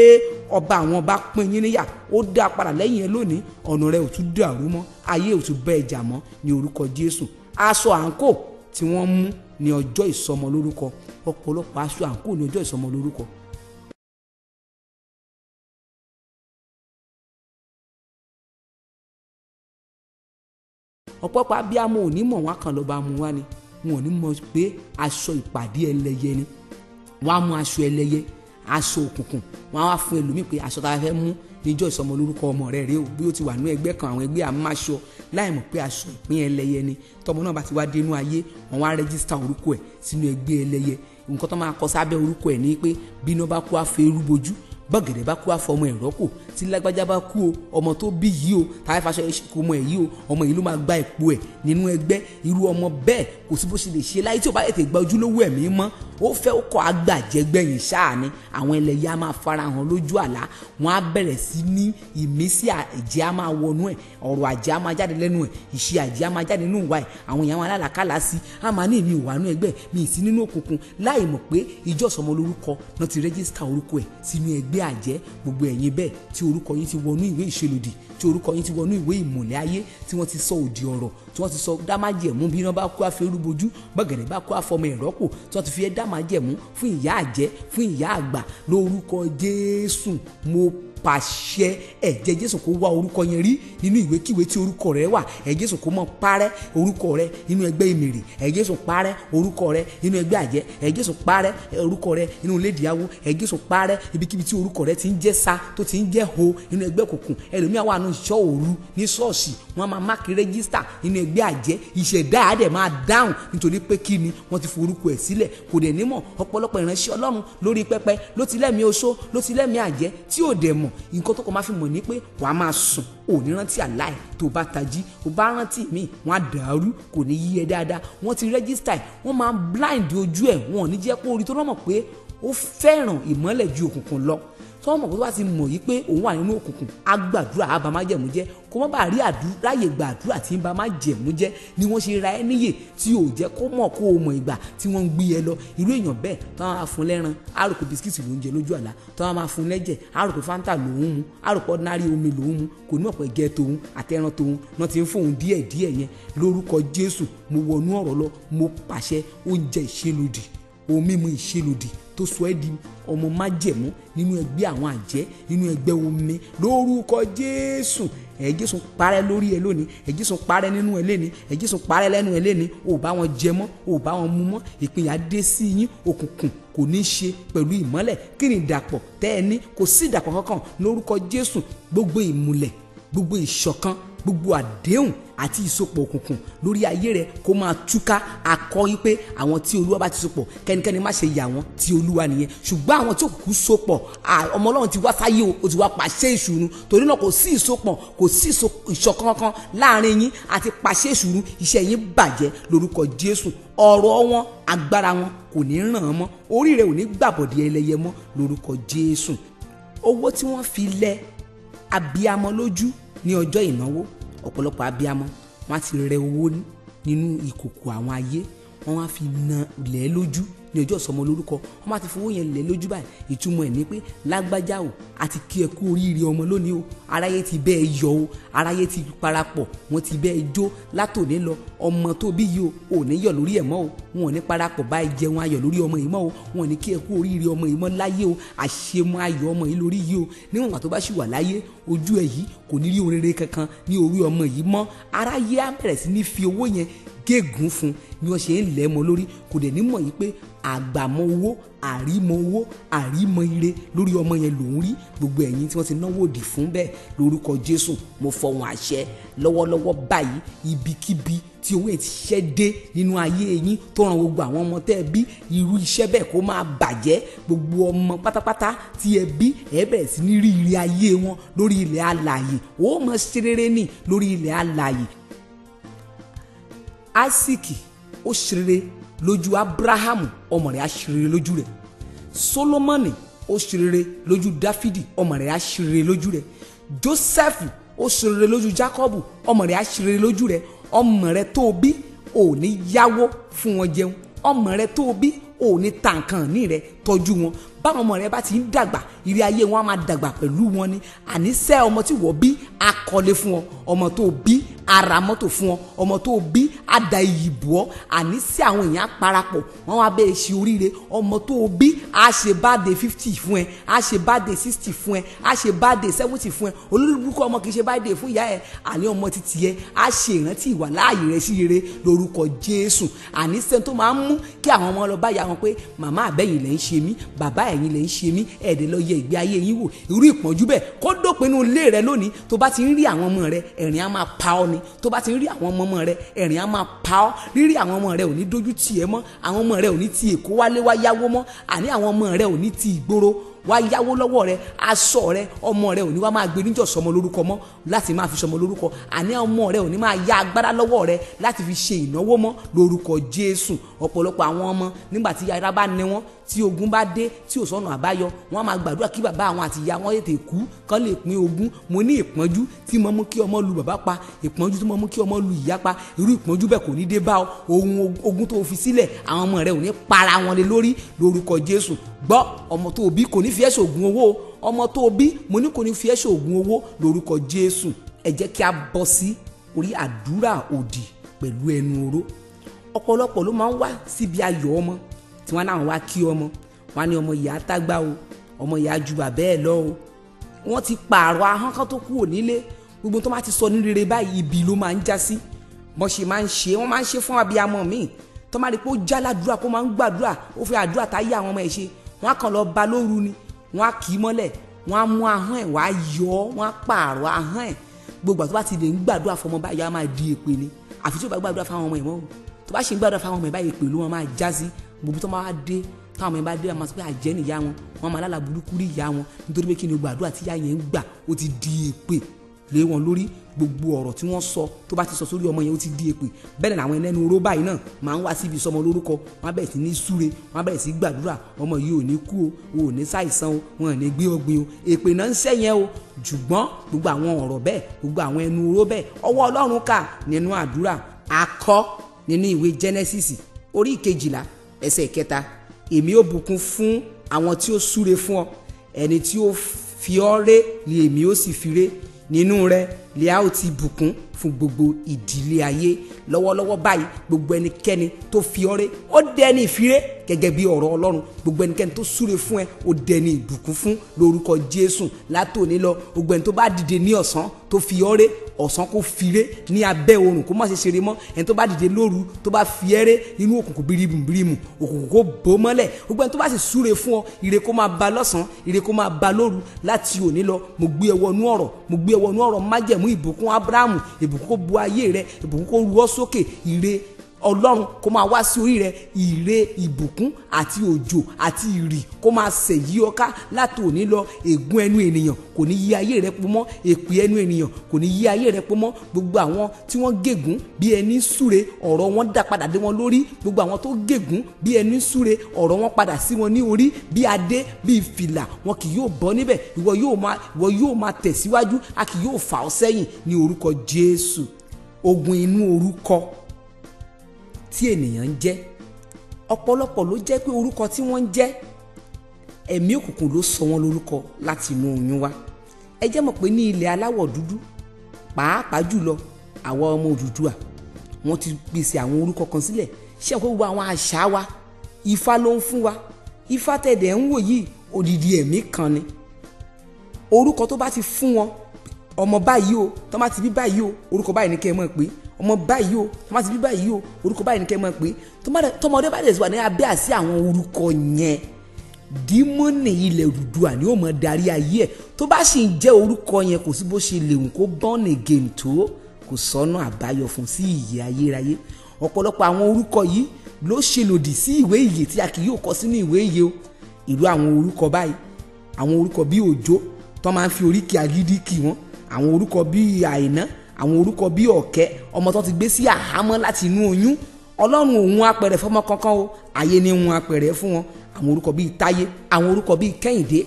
ọba àwọn ọba pín yín níyà ó dá padà lẹ́yìn ẹ lónìí ọ̀nà rẹ ò tún dàrú mọ́ ayé ò tún bẹ́ ìjà mọ́ ní orúkọ jésù aṣọ àǹkò tí wọ́n mú ní ọjọ́ ìsọmọ lórúkọ ọ̀pọ̀lọpọ̀ aṣọ àǹkò ní ọjọ́ ìsọmọ lórúkọ ọ̀pọ̀pọ̀ abiyamọ ò ní mọ̀ wọn kàn lọ́ba mu wá ni wọn ò ní mọ̀ pé aṣọ ìpàdé ẹlẹ́yẹ ni wọ́n á mú aṣọ ẹlẹ́yẹ aṣọ òkùnkùn wọ́n á wá fún ẹlòmíì pé aṣọ tá a fẹ́ mú níjọ́ ìsọmọ lórúkọ ọmọ rẹ̀ rèé o bí ó ti wà ní ẹgbẹ́ kan àwọn ẹgbẹ́ àmáṣọ láì mọ̀ pé aṣọ ìpín ẹlẹ́yẹ ni tọmọ náà bá ti wá dé inú ayé wọ́n wá rẹ́gísítà orúkọ ẹ̀ sínú ẹgbẹ́ ẹlẹ́yẹ nǹkan tó máa kọ sábẹ́ orúkọ ẹ̀ ní pé bí iná bá kú àfẹ́ rúbojú gbọ̀gẹ̀dẹ̀ bá kú àfọmọ ẹ̀ rọ́pò tí lágbájá bá kú o ọmọ tó bí yìí o tàbí faṣọ ìṣèkò ọmọ ẹ̀ yìí o ọmọ yìí ló máa gba ipò ẹ̀ nínú ẹgbẹ́ irú ọmọ bẹ́ẹ̀ kò sí bó ṣe lè ṣe láyé tí ò bá tètè gba ojúlówó ẹ̀mí mọ́ ó fẹ́ ó kọ́ agbàjẹgbẹ̀yìn ṣáà ni àwọn ẹlẹ́yà á máa farahàn lójú àlá wọn á bẹ̀rẹ̀ sí ní ìmísí àjẹ́ á máa wọnú ẹ̀ ọ̀rọ̀ àjẹ́ á máa jáde lẹ́nu ẹ̀ ìṣe àjẹ́ á máa jáde nínú ìwà ẹ̀ àwọn èèyàn alálàkálà sí á máa ní èmi ìwà nú ẹgbẹ́ mi ì sí nínú òkùnkùn láì mọ̀ pé ìjọ́sọmọ lórúkọ náà ti rẹ́gísítà orúkọ ẹ̀ sínú ẹgbẹ́ ayé àjẹ́ gbogbo ẹ̀yin bẹ́ẹ̀ tí orúkọ yín ti wọnú ìwé ìṣelòdì tí orúkọ yín ti wọnú ìwé ìmọ̀lẹ̀ ayé tí wọ́n ti sọ òdì ọ̀rọ̀ tí wọ́n ti sọ dámájẹ̀mú bí iná bá kó afẹ́rúbojú gbọ̀gẹ̀dẹ̀ bá kó afọmọ ìrọ́pò tí wọ́n ti fi ẹ́ dámájẹ̀mú fún ìyá àjẹ́ fún ìyá àgbà lórúkọ Jésù mo pàṣẹ ẹ̀jẹ̀ jésù kó wá orúkọ yẹn rí nínú ìwékíwé tí orúkọ rẹ wà ẹ̀jẹ̀ jésù kó mọ̀ parẹ́ orúkọ rẹ nínú ẹgbẹ́ ìmìrì ẹ̀jẹ̀ jésù parẹ́ orúkọ rẹ nínú ẹgbẹ́ àjẹ́ ẹ̀jẹ̀ jésù parẹ́ orúkọ rẹ nínú lédìáwó ẹ̀jẹ̀ jésù parẹ́ ibikíbi tí orúkọ rẹ ti ń jẹ́ sa tó ti ń jẹ́ ho nínú ẹgbẹ́ òkùnkùn ẹlòmíà wà nù ìṣọ́ òru ní ṣọ́ọ̀ṣì wọ́n máa máàkì rẹ́gísítà ni wọ́n ti forúkọ ẹ̀ sílẹ̀ kò dẹ̀ nímọ̀ ọ̀pọ̀lọpọ̀ ìránṣẹ́ ọlọ́run lórí pẹpẹ ló ti lẹ́mìí oṣó ló ti lẹ́mìí mọ̀ nǹkan tó kọ́ máa fi mọ̀ ní pé wà á máa sùn ò ní rántí àlá ẹ̀ tó bá tají tó bá rántí mi wọ́n á dàrú kò ní yí ẹ dáadáa wọ́n ti rẹ́gísítà ẹ̀ wọ́n máa blind ojú ẹ̀ wọ́n ò ní jẹ́ kó orí tó rọ́mọ̀ pé ó fẹ́ràn ìmọ́lẹ̀ ju òkùnkùn lọ tó mọ̀ pé wá ti mọ̀ yìí pé òun wà nínú òkùnkùn á gbàdúrà á ba májẹ̀mú jẹ́ kó má bàa rí ráyè gbàdúrà tí ń ba májẹ̀mú jẹ́ ni wọ́n ṣe ra ẹ́ níyè tí ò jẹ́ kó mọ̀ kó o mọ̀ ìgbà tí wọ́n ń gbé ẹ lọ irú èèyàn bẹ́ẹ̀ tó máa fún lẹ́ran á rò pé bisikíìtì ló ń jẹ lójú àlá tó máa fún lẹ́jẹ̀ á fanta lòún mu á rò pé ordinary omi lòún mu kò ní ọ̀pẹ gẹ tòun àtẹran tòun náà ti ń fóun díẹ̀díẹ̀ yẹn lórúkọ Jésù mo wọnú ọ̀rọ̀ lọ mo pàṣẹ oúnjẹ ìṣelódì ohun mímu ìṣelòdì tó sọ ẹ́ di ọmọ májẹ̀mú nínú ẹgbẹ́ àwọn àjẹ́ nínú ẹgbẹ́ omi lórúkọ Jésù ẹ̀jẹ̀ sùn parẹ́ lórí ẹ lónìí ẹ̀jẹ̀ sùn parẹ́ nínú ẹ lẹ́ni ẹ̀jẹ̀ sùn parẹ́ lẹ́nu ẹ lẹ́ni ò bá wọn jẹ mọ́ ò bá wọn mu mọ́ ìpínyà dé sí yín òkùnkùn kò ní í ṣe pẹ̀lú ìmọ́lẹ̀ kí ni ìdàpọ̀ tẹ́ ẹ ní kò sí ìdàpọ̀ kankan lórúkọ Jésù gbogbo ìmùlẹ̀ gbogbo ìṣọ̀kan gbogbo àdéhùn àti ìsopọ̀ òkùnkùn lórí ayé rẹ kó máa túká akọ́ yí pé àwọn tí olúwa bá ti sopọ̀ kẹ́nikẹ́ni má ṣe yà wọ́n ti olúwa nìyẹn ṣùgbọ́n àwọn tí òkùnkùn sopọ̀ ọmọ ọlọ́run ti wá sáyé o ti wá pàṣẹ ìṣùnú torí náà kò sí ìsopọ̀ kò sí ìṣọ̀kan kankan láàrin yín àti pàṣẹ ìṣùnú iṣẹ́ yín bàjẹ́ lórúkọ jésù ọ̀rọ̀ wọn agbára wọn kò ní ràn án mọ́ orí rẹ ò ní gbàbọ̀dì ẹlẹ́yẹ mọ́ lórúkọ jésù ní ọjọ́ ìnáwó ọ̀pọ̀lọpọ̀ abiyamọ wọn á ti rẹ owó nínú ìkòkò àwọn ayé wọn á fi na ilẹ̀ lójú ní ọjọ́ ìsọmọ lórúkọ wọ́n bá ti fowó yẹn lẹ̀ lójú báyìí ìtumọ̀ ẹ̀ ní pé lágbájá o àti kí ẹ kú oríire ọmọ lónìí o aráyé ti bẹ́ẹ̀ yọ o aráyé ti parapọ̀ wọ́n ti bẹ́ẹ̀ jó látòní lọ ọmọ tó bí yìí o ò ní yọ̀ lórí ẹ̀ mọ́ o wọn ò ní parapọ̀ bá jẹun ayọ̀ lórí ọmọ yìí mọ́ o wọn ò ní kí ẹ kú oríire ọmọ yìí mọ́ láyé o àṣemọ ayọ̀ ọmọ yìí lórí yìí o níwọ̀n tó bá sì wà láyé ojú ẹ̀ yìí kò ní rí orere kankan ní orí ọmọ yìí mọ́ aráyé á bẹ̀rẹ̀ sí ní fi owó yẹn gégùn fún bí wọ́n ṣe ń lẹ́ mọ lórí kò dẹ̀ ní mọ̀ yìí pé àgbàmọ owó àrímọ owó àrímọ ire lórí ọmọ yẹn lòún rí gbogbo ẹ̀yin tí wọ́n ti náwó òdì fún bẹ́ẹ̀ lórúkọ Jésù mo fọwọn àṣẹ lọ́wọ́lọ́wọ́ báyìí ibikíbi tí owó ti ṣẹ́ dé nínú ayé yín tó ràn gbogbo àwọn ọmọ tẹ́ bí irú iṣẹ́ bẹ́ẹ̀ kó máa bàjẹ́ gbogbo ọmọ pátápátá tí ẹ bí ẹ bẹ̀rẹ̀ sí ní rí ire ayé wọn lórí ilẹ̀ alààyè ó mọ̀ ṣe rere ní lórí ilẹ̀ alààyè Isaac ó ṣerere lójú Abrahamu ọmọ rẹ̀ á ṣerere lójú rẹ̀ Solomoni ó ṣerere lójú Dáfídì ọmọ rẹ̀ á ṣerere lójú rẹ̀ Joseph ó ṣerere lójú Jacob ọmọ rẹ̀ á ṣerere lójú rẹ̀ ọmọ rẹ̀ tó o bí ò ní yáwó fún wọn jẹun ọmọ rẹ̀ tó o bí ò ní ní rẹ̀ tọ́jú wọn báwọn ọmọ rẹ bá ti ń dàgbà ìrì ayé wọn á máa dàgbà pẹ̀lú wọn ni àníṣe ọmọ tí wọ́n bí akọ́lé fún ọ ọmọ tó bí ara fún ọ ọmọ tó bí ada ìyìbù àníṣe àwọn èèyàn parapọ̀ wọn wá bẹ́ẹ̀ ṣe oríire ọmọ tó bí a ṣe báde fifty fún ẹ a ṣe báde sixty fún ẹ a ṣe báde seventy fún ẹ olórúkọ ọmọ kì í ṣe báde fún ìyá ẹ àní ọmọ títí ẹ a ṣe ìrántí ìwà láàyè rẹ sí rere lórúkọ jésù àníṣe tó máa ń mú kí àwọn ọmọ lọ bá ìyá wọn pé màmá àbẹ́yìn lẹ́ ń ṣe mí bàbá ẹ̀yin lè ń ṣe mí ẹ̀ẹ́dẹ̀ lọ yẹ ìgbé ayé yín wò irú ìpọ́njú bẹ́ẹ̀ kó dópin inú ilé rẹ lónìí tó bá ti ń rí àwọn ọmọ rẹ ẹ̀rín á máa pa ọ́ ni tó bá ti ń rí àwọn ọmọ rẹ ẹ̀rín á máa pa ọ́ rírí àwọn ọmọ rẹ ò ní dójú tì ẹ́ mọ́ àwọn ọmọ rẹ ò ní ti Èkó wálé wá yáwó mọ́ àní àwọn ọmọ rẹ ò ní ti ìgboro wá yáwó lọ́wọ́ rẹ aṣọ rẹ ọmọ rẹ ò ní wá máa gbé níjọ sọmọ lórúkọ mọ́ láti máa fi sọmọ lórúkọ àní ọmọ rẹ ò ní máa ya agbára lọ́wọ́ rẹ láti fi ṣe ìnáwó mọ́ lórúkọ Jésù ọ̀pọ̀lọpọ̀ àwọn ọmọ nígbà tí yàrá bá ní wọn tí ogun bá dé tí ò sọnà àbáyọ wọn máa gbàdúrà kí bàbá àwọn àti ìyá wọn tètè kú kán lè pín ogún mo ní ìpọ́njú tí mo mú kí ọmọ lu bàbá pa ìpọ́njú tí mo mú kí ọmọ lu ìyá pa irú ìpọ́njú bẹ́ẹ̀ kò ní dé bá ọ ohun ogún tó fi sílẹ̀ àwọn ọmọ rẹ ò ní para wọn lé lórí lórúkọ Jésù gbọ́ ọmọ tó bí kò ní ní fi ẹ́ ṣoògùn owó ọmọ tó o bí mo ní kò ní fi ẹ́ ṣoògùn owó lórúkọ Jésù ẹ jẹ́ kí a bọ́ sí orí àdúrà òdì pẹ̀lú ẹnu oró ọ̀pọ̀lọpọ̀ ló máa ń wá síbi ayọ̀ ọmọ tí wọ́n náà wá kí ọmọ wọ́n ní ọmọ ìyá tágbá o ọmọ ìyá ju bàbá ẹ̀ lọ o wọ́n ti pààrọ̀ ahọ́n kan tó kú ò nílé gbogbo tó máa ti sọ ní rere báyìí ibi ló máa ń já sí bọ́n ṣe máa ń ṣe wọ́n máa ń ṣe fún abiyamọ míì tó máa rí pé ó já ládùúrà kó máa ń gbàdúrà ó fẹ́ àdúrà tá yá àwọn ọmọ ẹ̀ ṣe wọ́n á kàn lọ ba lóru ni wọ́n á kì í mọ́lẹ̀ wọ́n á mú ahọ́n ẹ̀ wọ́n á yọ ọ́ wọ́n á pààrọ̀ ahọ́n ẹ̀ gbogbo àti tó bá ti lè ń gbàdúrà fọmọ báyìí á máa di èpè ni àfi tí ó bá gbàdúrà fáwọn ọmọ ẹ̀ mọ́ tó bá ṣe ń gbàdúrà fáwọn ọmọ ẹ̀ báyìí èpè ló wọn máa já sí gbogbo tó máa dé táwọn ọmọ ẹ̀ bá dé wọn máa sọ pé àjẹ́ nìyá wọn wọn máa lálàá rí ìyá wọn nítorí pé kí ni gbàdúrà tí ìyá yẹn ń gbà ó ti di èpè lé wọn lórí gbogbo ọ̀rọ̀ tí wọ́n sọ tó bá ti sọ sórí ọmọ yẹn ó ti di èpè bẹ́ẹ̀ làwọn ẹlẹ́nu oró báyìí náà máa ń wá síbi sọmọ lórúkọ wọ́n bẹ̀rẹ̀ sí ní súre wọ́n bẹ̀rẹ̀ sí gbàdúrà ọmọ yìí ò ní kú o ò ní ṣàìsàn o wọn ò ní gbé ọgbìn o èpè náà ń ṣẹ́ yẹn o ṣùgbọ́n gbogbo àwọn ọ̀rọ̀ bẹ́ẹ̀ gbogbo àwọn ẹnu oró bẹ́ẹ̀ ọwọ́ Ọlọ́run kà nínú àdúrà akọ nínú ìwé Genesis orí kejìlá ẹsẹ̀ kẹta èmi ó bùkún fún àwọn tí ó súre fún ọ ẹni tí ó fi ọ ré ni èmi ó sì fi ré nínú rẹ layout ìbùkún fún gbogbo ìdílé ayé lọ́wọ́lọ́wọ́ báyìí gbogbo ẹnikẹ́ni tó fi ọrẹ ó dẹni ìfiré gẹ́gẹ́ bí ọ̀rọ̀ Ọlọ́run gbogbo ẹnikẹ́ni tó súre fún ẹ ó dẹni ìbùkún fún lórúkọ Jésù látòní lọ gbogbo ẹni tó bá dìde ní ọ̀sán tó fi ọrẹ ọ̀sán kó fire ní abẹ́ oòrùn kó má ṣe ṣeré mọ́ ẹni tó bá dìde lóru tó bá fi ẹrẹ́ nínú òkùnkùn bírímù òkùnkùn kó bò mọ́lẹ̀ gbogbo ẹni tó bá sì súre fún ọ ire kó máa ba lọ́sàn-án ire kó máa ba lóru láti òní lọ mo gbé ẹ wọnú ọ̀rọ̀ mo gbé ẹ wọnú ọ̀rọ̀ májẹ̀mú májẹ̀mú ìbùkún Ábúráhámù ìbùkún kó bu ayé rẹ ìbùkún kó ru ọ sókè ire ọlọ́run kó máa wá sí orí rẹ ìre ìbùkún àti òjò àti ìrì kó máa sẹ̀ yí ọ ká láti òní lọ ègún ẹnu ènìyàn kò ní yí ayé rẹ pọ̀ mọ́ èpè ẹnu ènìyàn kò ní yí ayé rẹ pọ̀ mọ́ gbogbo àwọn tí wọ́n gègún bí ẹni súre ọ̀rọ̀ wọn dá padà dé wọn lórí gbogbo àwọn tó gègún bí ẹni súre ọ̀rọ̀ wọn padà sí wọn ní orí bí adé bí fìlà wọn kì yóò bọ́ níbẹ̀ ìwọ yóò máa ìwọ yóò máa tẹ̀síwájú a kì yóò fà ọ́ sẹ́yìn ní orúkọ Jésù ogun inú orúkọ tí ènìyàn ń jẹ́ ọ̀pọ̀lọpọ̀ ló jẹ́ pé orúkọ tí wọ́n ń jẹ́ ẹ̀mí òkùnkùn ló sọ wọ́n lórúkọ láti inú oyún wá ẹ jẹ́ mọ̀ pé ní ilẹ̀ aláwọ̀ dúdú pàápàá jùlọ àwa ọmọ Odùduwà wọ́n ti pèsè àwọn orúkọ kan sílẹ̀ ṣé kó gbogbo àwọn àṣà wa ifá ló ń fún wa ifá tẹ̀dẹ̀ ń wò yìí odidi ẹ̀mí kan ni orúkọ tó bá ti fún wọn ọmọ báyìí o tó bá ti bí báyìí o orúkọ báyìí ni kẹ́ ẹ mọ̀ pé ọmọ báyìí o tó máa ti bí báyìí o orúkọ báyìí ni kẹ́ ẹ máa pè é tọmọdé bá dẹ̀ sí wà ní abẹ́ àsí àwọn orúkọ yẹn dímọ́nì ilẹ̀ Odùduwà ni ó darí ayé ẹ̀ tó bá sì ń jẹ́ orúkọ yẹn kò sí bó ṣe léwu kó born again tó kò sọ́nà àbáyọ fún sí ìyè ayérayé ọ̀pọ̀lọpọ̀ àwọn orúkọ yìí ló ṣe lòdì sí ìwé ìyè tí a kì yóò kọ sínú ìwé ìyè o ìlú àwọn orúkọ báyìí àwọn orúkọ bíi òjó tó máa ń fi oríkì agídí kì wọ́n àwọn orúkọ bíi àìná àwọn orúkọ bíi ọ̀kẹ́ ọmọ tó ti gbé sí àhámọ́ láti inú oyún ọlọ́run òun apẹ̀rẹ̀ fọmọ kankan o ayé ni òun apẹ̀rẹ̀ fún wọn àwọn orúkọ bíi táyé àwọn orúkọ bíi kẹ́hìndé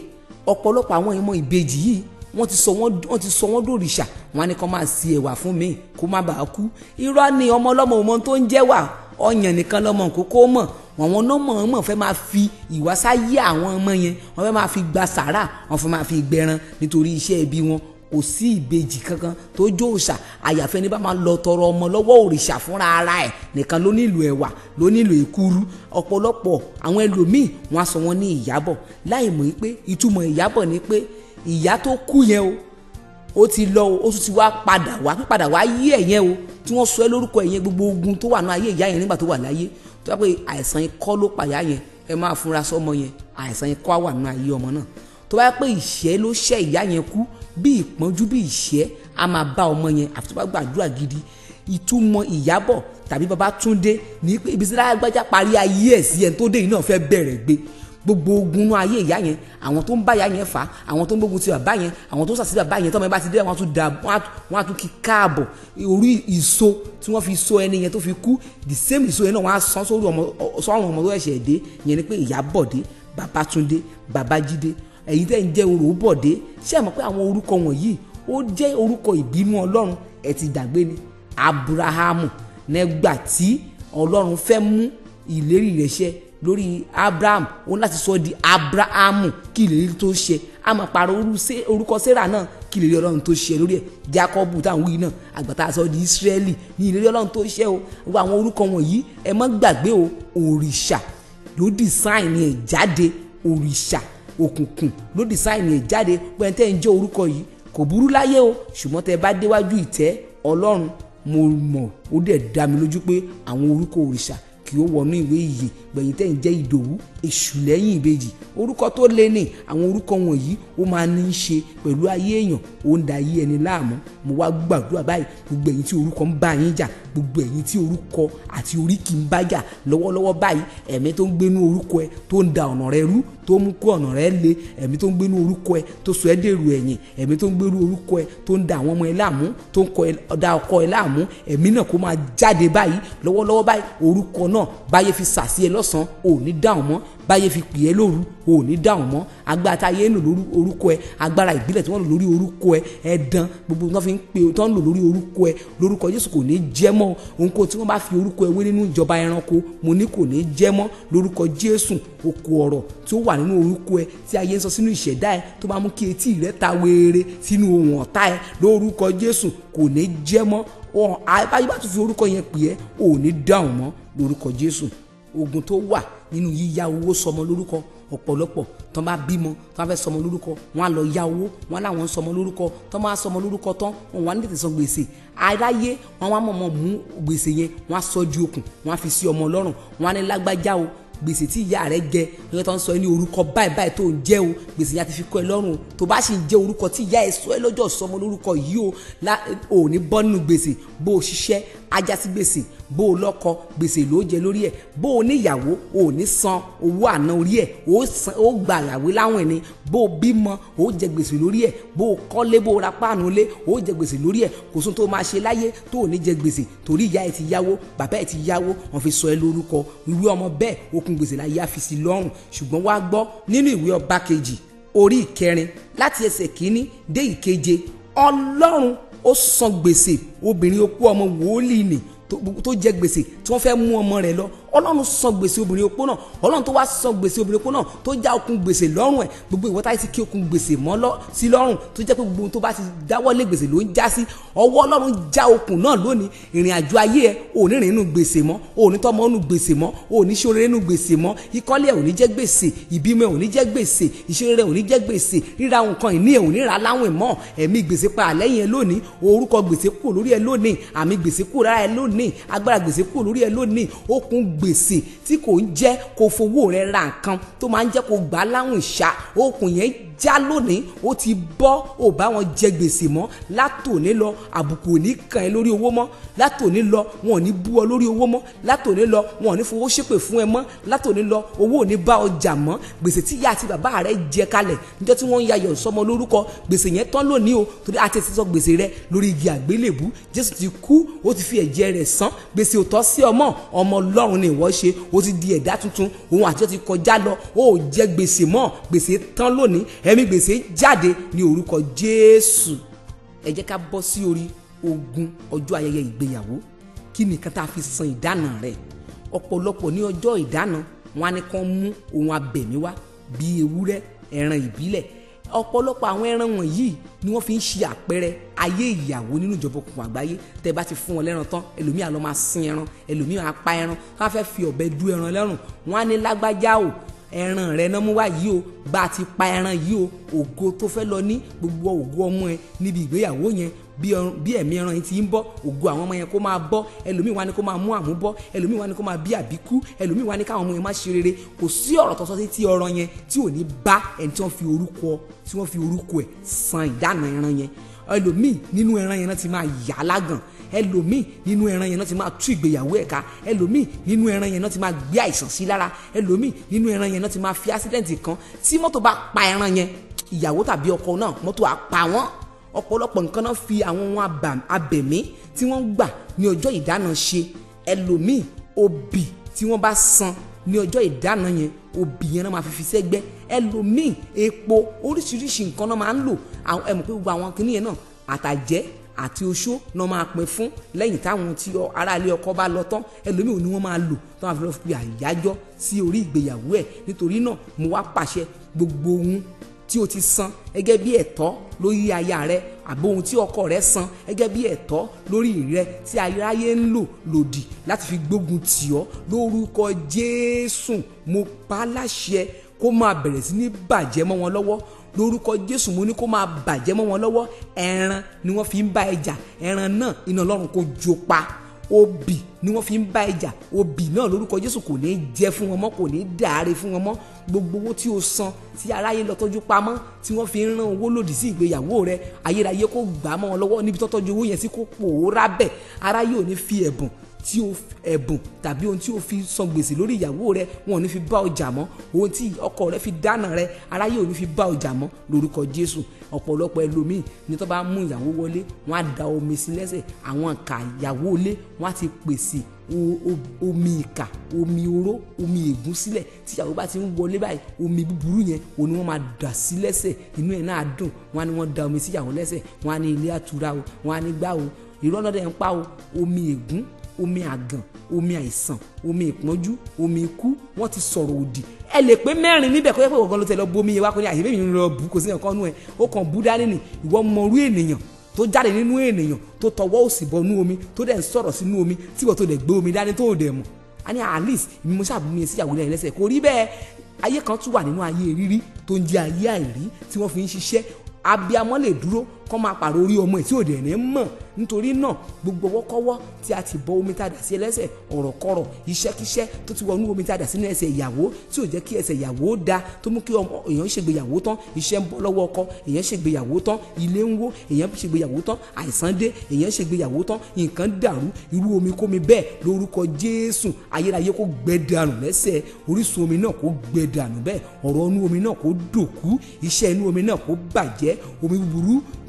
ọ̀pọ̀lọpọ̀ àwọn ìmọ̀ ìbejì yìí wọ́n ti sọ wọ́n ti sọ wọ́n dòrìṣà wọn á ní kó máa si ẹ̀wà fún mi kó má bàa kú irọ́ ni ọmọ ọlọ́mọ òun tó ń jẹ́ wà ọyàn nìkan lọ́mọ kókó mọ̀ wọn wọn náà mọ̀ mọ̀ fẹ́ máa fi ìwásáyé àwọn ọmọ yẹn wọn fẹ́ máa fi gba sàrà wọn fẹ́ máa fi gbẹran nítorí iṣẹ́ ẹbí wọn kò sí ìbejì kankan tó jó òòṣà àyàfẹ́ ní bá máa lọ tọrọ ọmọ lọ́wọ́ òrìṣà fúnra ara ẹ̀ nìkan ló nílò ẹ̀wà ló nílò ìkúrú ọ̀pọ̀lọpọ̀ àwọn ẹlòmíì wọ́n á wọn ní ìyábọ̀ láì mọ̀ pé ìtumọ̀ ìyábọ̀ ni pé ìyá tó kú yẹn o ó ti lọ o ó tún ti wá padà wá padà wá yí ẹ̀yẹn o tí wọ́n sọ ẹ́ lórúkọ ẹ̀yẹn gbogbo ogun tó wà ní ayé ìyá yẹn nígbà tó wà láyé tó yà pé àìsàn ikọ́ ló pàyà yẹn ẹ máa funra sọmọ yẹn àìsàn ikọ́ wà nínú ayé ọmọ náà tó bá pé ìṣẹ́ ló ṣẹ́ ìyá yẹn kú bí ìpọ́njú bí ìṣẹ́ a máa bá ọmọ yẹn àfi tó bá gbàdúrà gidi ìtumọ̀ ìyábọ̀ tàbí babátúndé ní pé ibi tí lágbájá parí ayé ẹ̀ sí ẹni tó dé yìí náà fẹ́ bẹ̀rẹ̀ gbé gbogbo ogun inú ayé ìyá yẹn àwọn tó ń bá ìyá yẹn fà á àwọn tó ń gbógun ti bàbá yẹn àwọn tó ń sàsí bàbá yẹn tọ́mọ ẹ bá ti dé wọn á tún da wọn á tún kí káàbọ̀ orí ìso tí wọ́n fi so ẹni yẹn tó fi kú the same ìso yẹn náà wọ́n á san sọ́run ọmọ tó ẹ̀ṣẹ̀ dé yẹn ni pé Ìyábọ̀dé Babátúndé Babájídé ẹ̀yin tẹ́ ń jẹ́ orò bọ̀dé ṣé ẹ mọ̀ pé àwọn orúkọ wọ̀nyí ó jẹ́ orúkọ ìbínú ọlọ́run ẹ ti gbàgbé ni abrahamu nígbà tí ọlọ́run fẹ́ mú ìlérí rẹ̀ ṣẹ lórí abraham ó láti sọ di abrahamu kí ìlérí tó ṣẹ a máa pààrọ̀ orúkọ sarah náà kí ìlérí ọlọ́run tó ṣẹ lórí ẹ̀ jacobu táwọn wí náà àgbàtà sọ di israeli ní ìlérí ọlọ́run tó ṣẹ o gbogbo àwọn orúkọ wọ̀nyí ẹ má gbàgbé o òrìṣà ló dìsáìnì ẹ̀ jáde òrìṣà òkùnkùn ló dìsáìnì ẹ̀ jáde pẹ́ńtẹ́ ń jẹ́ orúkọ yìí kò burú láyé o ṣùgbọ́n tẹ́ bá déwájú ìtẹ́ ọlọ́run mo mọ̀ ó dẹ̀ dá mi lójú pé àwọn orúkọ òrìṣà kì ó wọnú ìwé ìyè gbẹ̀yìn tẹ̀ ń jẹ́ ìdòwú èṣù lẹ́yìn ìbejì orúkọ tó lé ní àwọn orúkọ wọ̀nyí ó máa ní í ṣe pẹ̀lú ayé èèyàn ó ń da ayé ẹni láàmú mo wá gbàdúrà báyìí gbogbo ẹ̀yin tí orúkọ ń bá yín jà gbogbo ẹ̀yin tí orúkọ àti oríkì ń bá jà lọ́wọ́lọ́wọ́ báyìí ẹ̀mí tó ń gbénú orúkọ ẹ tó ń da ọ̀nà rẹ rú tó mú kó ọ̀nà rẹ le ẹ̀mí tó ń gbénú orúkọ ẹ tó sọ ẹ́ dèrò ẹ̀yìn ẹ̀mí tó ń gbénú orúkọ ẹ tó ń da àwọn ọmọ ẹ láàmú tó ń da ọkọ ẹ láàmú ẹ̀mí náà kó lọ́sàn-án ò ní dáhùn mọ́ báyé fi pè é lóru ò dáhùn mọ́ agbára tá a yé ń lò lórí orúkọ ẹ agbára ìbílẹ̀ tí wọ́n lò lórí orúkọ ẹ ẹ̀dán gbogbo wọn fi ń pe tó ń lò lórí orúkọ ẹ lórúkọ Jésù kò ní jẹ́ mọ́ ohunkóhun tí wọ́n bá fi orúkọ ẹ wé nínú ìjọba ẹranko mo ní kò ní jẹ́ mọ́ lórúkọ Jésù oko ọ̀rọ̀ tí ó wà nínú orúkọ ẹ tí ayé ń sọ sínú ìṣẹ̀dá ẹ tó bá mú kí etí rẹ ta wéré sínú ohun ọ̀tá ẹ lórúkọ Jésù kò ní jẹ́ mọ́ wọn àbáyé bá tún fi orúkọ yẹn pè é ò ní dáhùn mọ́ lórúkọ Jésù ogun tó wà nínú yíyá owó sọmọ lórúkọ ọ̀pọ̀lọpọ̀ tó bá bímọ tó bá fẹ́ sọmọ lórúkọ wọn á lọ yá owó wọn láwọn ń sọmọ lórúkọ tó máa sọmọ lórúkọ tán wọn á ní tètè san gbèsè aráyé wọn á mọ̀mọ́ mú gbèsè yẹn wọn á sọ ju okùn wọn á fi sí ọmọ ọlọ́run wọn á ní lágbájá o gbèsè tí ìyá rẹ jẹ lọ́jọ́ tó ń sọ ní orúkọ báyìí báyìí tó ń jẹ́ o gbèsè yẹn ti fi kọ́ ẹ lọ́rùn o tó bá sì ń jẹ́ orúkọ tí ìyá ẹ sọ ẹ lọ́jọ́ sọmọ lórúkọ yìí o ò ní bọ́ nínú gbèsè bó o ṣiṣẹ́ ajásí gbèsè bó o lọ́kọ gbèsè ló jẹ lórí ẹ̀ bó o níyàwó o ní san owó àná orí ẹ̀ ó gba àyàwó láwọn ẹni bó o bímọ o jẹ gbèsè lórí ẹ̀ bó o kọ́lé bó o ra páànù lé o jẹ gbèsè lórí ẹ̀ kò sún tó máa ṣe láyé tó o ní jẹ gbèsè torí ìyá ẹ ti yáwó bàbá ẹ ti yáwó wọn fi sọ ẹ lórúkọ ìwé ọmọ bẹ́ẹ̀ okùn gbèsè láyé àfisí lọ́rùn ṣùgbọ́n wá gbọ́ nínú ìwé ọba kejì orí ìkẹrin láti ẹsẹ̀ kínní dé ìkeje ọlọ́run ó san gbèsè obìnrin opó ọmọ wòlíì nì tó jẹ gbèsè tí wọ́n fẹ́ mú ọmọ rẹ̀ lọ ọlọ́run san gbèsè obìnrin opó náà ọlọ́run tó wá san gbèsè obìnrin opó náà tó já okùn gbèsè lọ́rùn ẹ̀ gbogbo ìwọ́ta yìí ti kí okùn gbèsè mọ́ sí lọ́rùn tó jẹ́ pé gbogbo ohun tó bá ti dáwọ́lé gbèsè ló ń já sí ọwọ́ ọlọ́run já okùn náà lónìí ìrìn àjò ayé ẹ òní rìn inú gbèsè mọ́ òní tọ́mọ inú gbèsè mọ́ òní ṣoore inú gbèsè mọ́ ìkọ́lé ẹ òní jẹ́ gbèsè ìbímọ ẹ òní jẹ́ gbèsè ìṣeré ẹ òní jẹ́ gbèsè ríra nǹkan ìní ẹ òní ra láwìn mọ́ ẹ̀mí gbèsè pa àlẹ́yìn ẹ lónìí orúkọ gbèsè kù lórí ẹ lónìí àmì gbèsè kù lára ẹ lónìí agbára gbèsè kù lórí ẹ lónìí okùn g gbèsè tí kò ń jẹ́ kó fowó rẹ ra nǹkan tó máa ń jẹ́ kó gbà láwìn ṣá okùn yẹn já lónìí ó ti bọ́ ò bá wọn jẹ gbèsè mọ́ látòní lọ àbùkù ò ní kàn ẹ́ lórí owó mọ́ látòní lọ wọn ò ní bú ọ lórí owó mọ́ látòní lọ wọn ò ní fowó ṣépè fún ẹ mọ́ látòní lọ owó ò ní bá ọjà mọ́ gbèsè tí ìyá àti bàbá rẹ jẹ kalẹ̀ níjọ́ tí wọ́n ń yayọ̀ sọmọ lórúkọ gbèsè yẹn tán lónìí o torí àti ẹsẹ̀ sọ gbèsè rẹ lórí igi àgbélébú Jésù ti kú ó ti fi ẹ̀jẹ̀ rẹ̀ san gbèsè ò tọ́ sí ọmọ ọmọ Ọlọ́run ni ìwọ ṣe o ti di ẹ̀dá tuntun òun àtijọ́ ti kọjá lọ o ò jẹ gbèsè mọ́ gbèsè tán lónìí ẹ̀mí gbèsè jáde ní orúkọ Jésù ẹ jẹ́ ká bọ́ sí orí ogún ọjọ́ ayẹyẹ ìgbéyàwó kí nìkan tá a fi san ìdáná rẹ̀ ọ̀pọ̀lọpọ̀ ní ọjọ́ ìdáná wọn á ní kán mú ohun abẹ̀mí wá bíi ewúrẹ́ ẹran ìbílẹ̀ ọ̀pọ̀lọpọ̀ àwọn ẹran wọ̀nyí ni wọ́n fi ń ṣe àpẹẹrẹ ayé ìyàwó nínú ìjọba òkùnkùn àgbáyé tẹ́ bá ti fún wọn lẹ́ran tán ẹlòmíà ló máa sin ẹran ẹlòmíà á pa ẹran ká fẹ́ fi ọ̀bẹ du ẹran lẹ́rùn wọ́n á ní lágbájá o ẹran rẹ náà mú wá yìí o bá a ti pa ẹran yìí o ògo tó fẹ́ lọ ní gbogbo ògo ọmọ ẹ níbi ìgbéyàwó yẹn bí ẹ̀mí ẹran yìí ti ń bọ́ ògo àwọn ọmọ yẹn kó máa bọ́ ẹlòmíì wá ní kó máa mú àmú bọ́ ẹlòmíì wá ní kó máa bí àbíkú ẹlòmíì wá ní káwọn ọmọ yẹn má ṣe rere kò sí ọ̀rọ̀ tó sí ti ọ̀rọ̀ yẹn tí ò ní bá ẹni tí wọ́n fi orúkọ ẹ̀ san ìdáná ẹran yẹn ẹlòmíì nínú ẹran yẹn náà ti máa yà á lágàn ẹlòmíì nínú ẹran yẹn náà ti máa tú ìgbéyàwó ẹ̀ka ẹlòmíì nínú ẹran yẹn náà ti máa gbé àìsàn sí lára ẹlòmíì nínú ẹran yẹn náà ti máa fi accident kan tí mọ́tò bá pa ẹran yẹn ìyàwó tàbí ọkọ náà mọ́tò á pa wọ́n ọ̀pọ̀lọpọ̀ nǹkan náà fi àwọn ohun abẹ̀mí tí wọ́n gbà ní ọjọ́ ìdáná ṣe ẹlòmíì obì tí wọ́n bá san ní ọjọ́ ìdáná yẹn obì yẹn náà máa fi fi sẹ́gbẹ́ ẹlòmíì epo oríṣiríṣi nǹkan náà máa ń lò ẹ mọ̀ pé gbogbo àwọn kìnìyẹn náà àtàjẹ́ àti oṣó náà máa pín fún lẹ́yìn táwọn tí aráalé ọkọ bá lọ tán ẹlòmíì ni wọ́n máa lò tó máa fi lọ́ọ́ fi àyájọ́ sí orí ìgbéyàwó ẹ̀ nítorí náà mo wá pàṣẹ gbogbo ohun tí o ti san gẹ́gẹ́ bí ẹ̀tọ́ lórí aya rẹ àbí ohun tí ọkọ rẹ san gẹ́gẹ́ bí ẹ̀tọ́ lórí rẹ tí aráyé ń lò lòdì láti fi gbógun tì ọ́ lórúkọ Jésù mo pa á láṣẹ kó máa bẹ̀rẹ̀ sí ní bàjẹ́ mọ́ wọn lọ́wọ́ lórúkọ jésù mo ní kó máa bàjẹ́ mọ́ wọn lọ́wọ́ ẹran ni wọ́n fi ń bá ẹjà ẹran náà iná ọlọ́run kò jó pa obì ni wọ́n fi ń bá ìjà obì náà lórúkọ jésù kò ní jẹ fún wọn mọ́ kò ní dàárẹ̀ fún wọn mọ́ gbogbo owó tí o san tí aráyé lọ tọ́jú pamọ́ tí wọ́n fi ń rán owó lòdì sí ìgbéyàwó rẹ ayérayé kó gbà á mọ́ wọn lọ́wọ́ níbi tọ́tọ́jú owó yẹn sí kó pòórá bẹ̀ aráyé ò ní fi ẹ̀bùn tí o ẹ̀bùn tàbí ohun tí o fi san gbèsè lórí ìyàwó rẹ wọn ò ní fi bá ọjà mọ́ ohun tí ọkọ rẹ fi dáná rẹ aráyé ò ní fi bá ọjà mọ́ lórúkọ Jésù ọ̀pọ̀lọpọ̀ ẹlòmíì ní tó bá mú ìyàwó wọlé wọn á da omi sí lẹ́sẹ̀ àwọn ìka ìyàwó ilé wọn á ti pèsè omi ìka omi oró omi ègún sílẹ̀ tí ìyàwó bá ti ń wọlé báyìí omi búburú yẹn òun ni wọ́n máa dà sí lẹ́sẹ̀ inú ẹ̀ náà dùn wọn á ní wọ́n da omi sí ìyàwó lẹ́sẹ̀ wọn á ní ilé àtúrà o wọn á ní gbá o ìrọ́lọ́dẹ̀ ń pa o omi ègún omi àgàn omi àìsàn omi ìpọ́njú omi ikú wọ́n ti sọ̀rọ̀ òdì ẹ lè pé mẹ́rin níbẹ̀ kó yẹ pé ọ̀gán ló tẹ̀ lọ bu omi yẹn wá kó ní àyè bẹ́ẹ̀ mi lọ bù kò sí ẹ̀kọ́ nú ẹ̀ ó kàn bú dání ni ìwọ mọrú ènìyàn tó jáde nínú ènìyàn tó tọwọ́ òsì bọ nú omi tó dẹ̀ ń sọ̀rọ̀ sínú omi tí wọ́n tó dẹ̀ gbé omi dání tó dẹ̀ mọ̀ a ní at least ìmú sàbùmí ẹ̀ síyàwó náà lẹ́sẹ̀ kò rí bẹ́ẹ̀ ayé kan tún wà nínú ayé rírí tó ń jẹ́ ayé àìrí tí wọ́n fi ń ṣiṣẹ́ abiamọ lè dúró kọ́ máa pààrọ̀ orí ọmọ ẹ̀ tí òde ní mọ̀ nítorí náà gbogbo ọwọ́kọ́wọ́ tí a ti bọ omi tá a dà sí ẹlẹ́sẹ̀ ọ̀rọ̀kọ̀rọ̀ iṣẹ́kíṣẹ́ tó ti wọnú omi tá a dà sínú ẹsẹ̀ ìyàwó tí ò jẹ́ kí ẹsẹ̀ ìyàwó da tó mú kí èèyàn ṣègbéyàwó tán iṣẹ́ ń bọ́ lọ́wọ́ ọkọ èèyàn ṣègbéyàwó tán ilé ń wó èèyàn ṣègbéyàwó tán àìsàn dé èèyàn ṣègbéyàwó tán nǹkan dàrú irú omi kómi bẹ́ẹ̀ lórúkọ Jésù ayérayé kó gbẹ dànù lẹ́sẹ̀ orísun omi náà kó gbẹ dànù bẹ́ẹ̀ ọ̀rọ̀ inú omi náà kó dòkú iṣẹ́ inú omi náà kó bàjẹ́ omi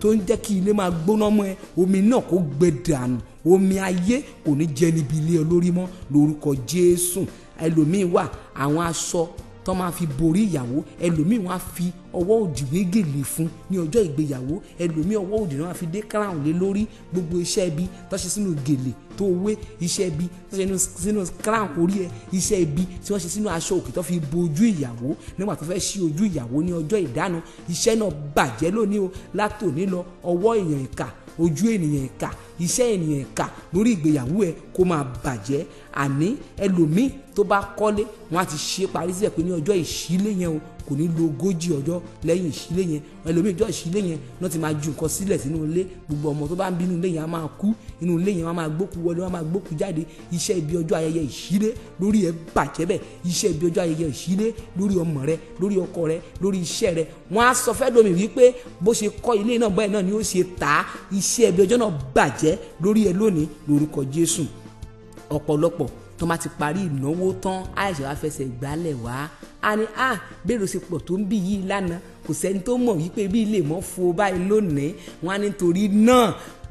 tó ń jẹ́ kí ilé máa gbóná mọ́ ẹ omi náà kó gbẹ dànù omi ayé kò ní jẹ́ níbi ilé olórí mọ́ lórúkọ Jésù ẹlòmíín wà àwọn aṣọ tó máa fi borí ìyàwó ẹlòmíì wọn á fi ọwọ́ òdì wégèlè fún ní ọjọ́ ìgbéyàwó ẹlòmíì ọwọ́ òdì náà fi dé crown lé lórí gbogbo iṣẹ́ ibi tó ṣe sínú gèlè tó wé iṣẹ́ ibi tó ṣe sínú crown orí ẹ iṣẹ́ ibi tí wọ́n ṣe sínú aṣọ òkè tó fi bo ojú ìyàwó nígbà tó fẹ́ ṣí ojú ìyàwó ní ọjọ́ ìdáná iṣẹ́ náà bàjẹ́ lónìí o látòní lọ ọwọ́ èèyàn ìkà ojú ènìyàn ìka iṣẹ́ ènìyàn ìka lórí ìgbéyàwó ẹ kó máa bàjẹ́ àní ẹlòmíì tó bá kọ́lé wọn á ti ṣe parí sílẹ̀ pé ní ọjọ́ ìṣílé yẹn o kò ní lo ogójì ọjọ́ lẹ́yìn ìṣílé yẹn ẹlòmíì ìjọ ìṣílé yẹn náà ti máa ju nǹkan sílẹ̀ sínú ilé gbogbo ọmọ tó bá ń bínú ilé yẹn á máa kú inú ilé yẹn á máa gbókú wọlé á máa gbókú jáde iṣẹ́ ibi ọjọ́ ayẹyẹ ìṣílé lórí ẹ bàjẹ́ bẹ́ẹ̀ iṣẹ́ ibi ọjọ́ ayẹyẹ ìṣílé lórí ọmọ rẹ lórí ọkọ rẹ lórí iṣẹ́ rẹ wọ́n á sọ fẹ́ domi wípé bó ṣe kọ́ ilé náà báyìí náà ni ó ṣe tà á ibi ọjọ́ náà bàjẹ́ lórí ẹ lónìí lórúkọ Jésù ọ̀pọ̀lọpọ̀ tó má ti parí ìnáwó tán àìṣe wá fẹsẹ̀ gbálẹ̀ wá a ní à bèrè ṣe pọ̀ tó ń bì yìí lánàá kò sẹ́ni tó mọ̀ wípé bí ilé mọ́ fo báyìí lónìí wọn á nítorí náà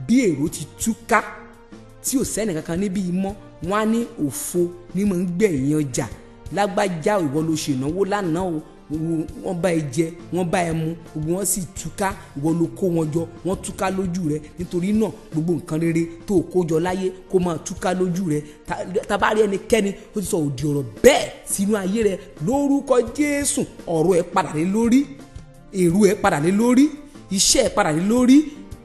bí èrò ti túká tí ò sẹ́ni kankan níbí mọ́ wọn á ní òfo ní mò ń gbẹ̀yìn ọjà lágbájá ìwọ ló ṣènáwó lánàá o wọ́n bá ẹ jẹ wọ́n bá ẹ mu gbogbo wọn sì túká ìwọ ló kó wọn jọ wọ́n túká lójú rẹ nítorí náà gbogbo nǹkan rere tó kó jọ láyé kó máa túká lójú rẹ tabari ẹnikẹ́ni ó ti sọ òdì ọ̀rọ̀ bẹ́ẹ̀ sínú ayé rẹ lórúkọ Jésù ọ̀rọ̀ ẹ padà lé lórí èrò ẹ padà lé lórí iṣẹ́ ẹ padà lé lórí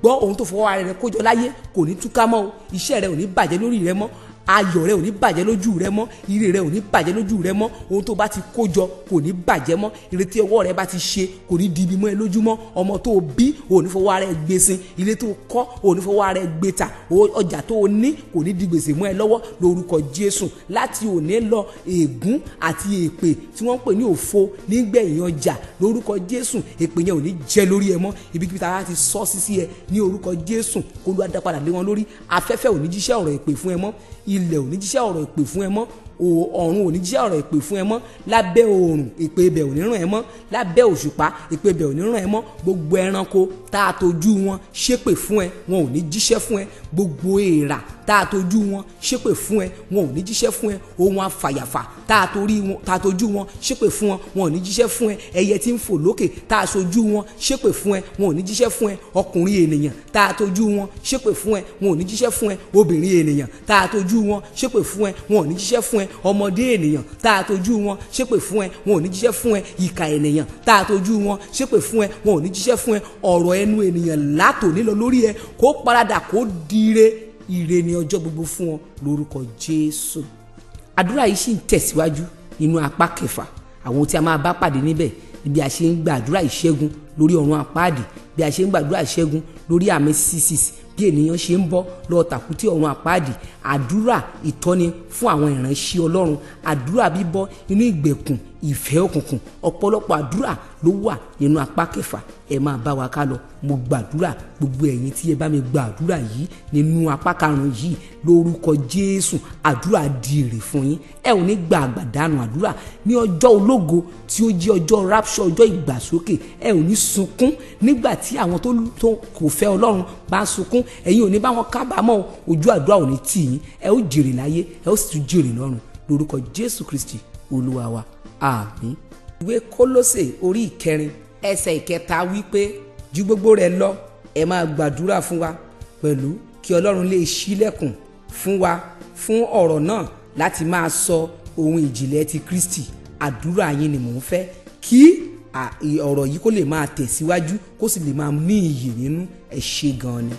gbọ́ ohun tó fọwọ́ ara rẹ kó jọ láyé kò ní túká mọ́ o iṣẹ́ rẹ ò ní bàjẹ́ lórí rẹ mọ́ ayọ̀ rẹ ò ní bàjẹ́ lójú rẹ mọ́ ire rẹ ò ní bàjẹ́ lójú rẹ mọ́ ohun tó bá ti kó jọ kò ní bàjẹ́ mọ́ ìrètí ọwọ́ rẹ bá ti ṣe kò ní di ibi mọ́ ẹ lójú mọ́ ọmọ tó o bí ò ní fọwọ́ ara ẹ gbé sin ilé tó o kọ́ ò ní fọwọ́ ara ẹ gbé tà ọjà tó o ní kò ní di gbèsè mọ́ ẹ lọ́wọ́ lórúkọ Jésù láti òní lọ ègún àti èpè tí wọ́n ń pè ní òfo nígbẹ̀yìn ọjà lórúkọ Jésù èpè yẹn ò ní jẹ lórí ẹ mọ́ ibikíbi tá a ti sọ sí sí ẹ ní orúkọ Jésù kó ló á dá padà lé wọn lórí afẹ́fẹ́ ò ní jíṣẹ́ ọ̀rọ̀ èpè fún ẹ mọ́ ilẹ̀ ò ní jíṣẹ́ ọ̀rọ̀ ìpè fún ẹ mọ́ ọ̀run ò ní jíṣẹ́ ọ̀rọ̀ ìpè fún ẹ mọ́ lábẹ́ oòrùn ìpè ibẹ̀ ò ní ràn ẹ mọ́ lábẹ́ òṣùpá ìpè ibẹ̀ ò ní ràn ẹ mọ́ gbogbo ẹranko tá a tojú wọn ṣépè fún ẹ wọn ò ní jíṣẹ́ fún ẹ gbogbo èèrà tá a tojú wọn ṣépè fún ẹ wọn ò ní jíṣẹ́ fún ẹ ohun àfàyàfà tá a torí wọn tá a tojú wọn ṣépè fún ẹ wọn ò ní jíṣẹ́ fún ẹ ẹyẹ tí ń fò lókè tá a sojú wọn ṣépè fún ẹ wọn ò ní jíṣẹ́ fún ẹ ọkùnrin ènìyàn tá a tojú wọn ṣépè fún ẹ wọn ò ní jíṣẹ́ fún ẹ obìnrin ènìyàn tá a tojú wọn ṣépè fún ẹ wọn ò ní jíṣẹ́ fún ẹ ọmọdé ènìyàn tá a tojú wọn ṣépè fún ẹ wọn ò ní jíṣẹ́ fún ẹ ìkà ènìyàn tá a tojú wọn ṣépè fún ẹ wọn ò ní jíṣẹ́ fún ẹ ọ̀rọ̀ ẹnu ènìyàn látòní lọ lórí ẹ kó paradà kó di ire ire ni ọjọ́ gbogbo fún ọ lórúkọ Jésù àdúrà yìí sì ń tẹ̀síwájú nínú apá kẹfà àwọn tí a máa bá pàdé níbẹ̀ bí a ṣe ń gbàdúrà ìṣẹ́gun lórí ọ̀run àpáàdì bí a ṣe ń gbàdúrà ìṣẹ́gun lórí àmì ccs bí ènìyàn ṣe ń bọ́ lọ tàkútì ọ̀run àpáàdì àdúrà ìtọ́ni fún àwọn ìránṣẹ́ ọlọ́run àdúrà bíbọ́ inú ìgbèkùn ìfẹ́ òkùnkùn ọ̀pọ̀lọpọ̀ àdúrà ló wà nínú apá kẹfà ẹ máa bá wa ká lọ mo gbàdúrà gbogbo ẹ̀yin tí ẹ bá mi gbàdúrà yìí nínú apá karùn-ún yìí lórúkọ jésù àdúrà di èrè fún yín ẹ ò ní gba àgbàdànù àdúrà ní ọjọ́ ológo tí ó jẹ́ ọjọ́ rapture ọjọ́ ìgbàsókè ẹ ò ní sunkún nígbà tí àwọn tó kò f olùfẹ́ ọlọ́run bá ń sunkún ẹ̀yin ò ní bá wọn kábàámọ̀ ojú àdúrà ò ní tì yín ẹ ó jèrè láyé ẹ ó sì tún jèrè lọ́run lórúkọ jésù kristi olúwa wa àmín. ìwé kólósè orí ìkẹrin ẹsẹ̀ ìkẹta wípé ju gbogbo rẹ̀ lọ ẹ máa gbàdúrà fún wa pẹ̀lú kí ọlọ́run lè ṣílẹ̀kùn fún wa fún ọ̀rọ̀ náà láti máa sọ ohun ìjìnlẹ̀ ti kristi àdúrà yín ni mò ń fẹ́ kí ọ̀rọ̀ yìí kó lè máa tẹ̀síwájú kó sì lè máa ní iyì nínú ẹ̀ ṣe gan ni.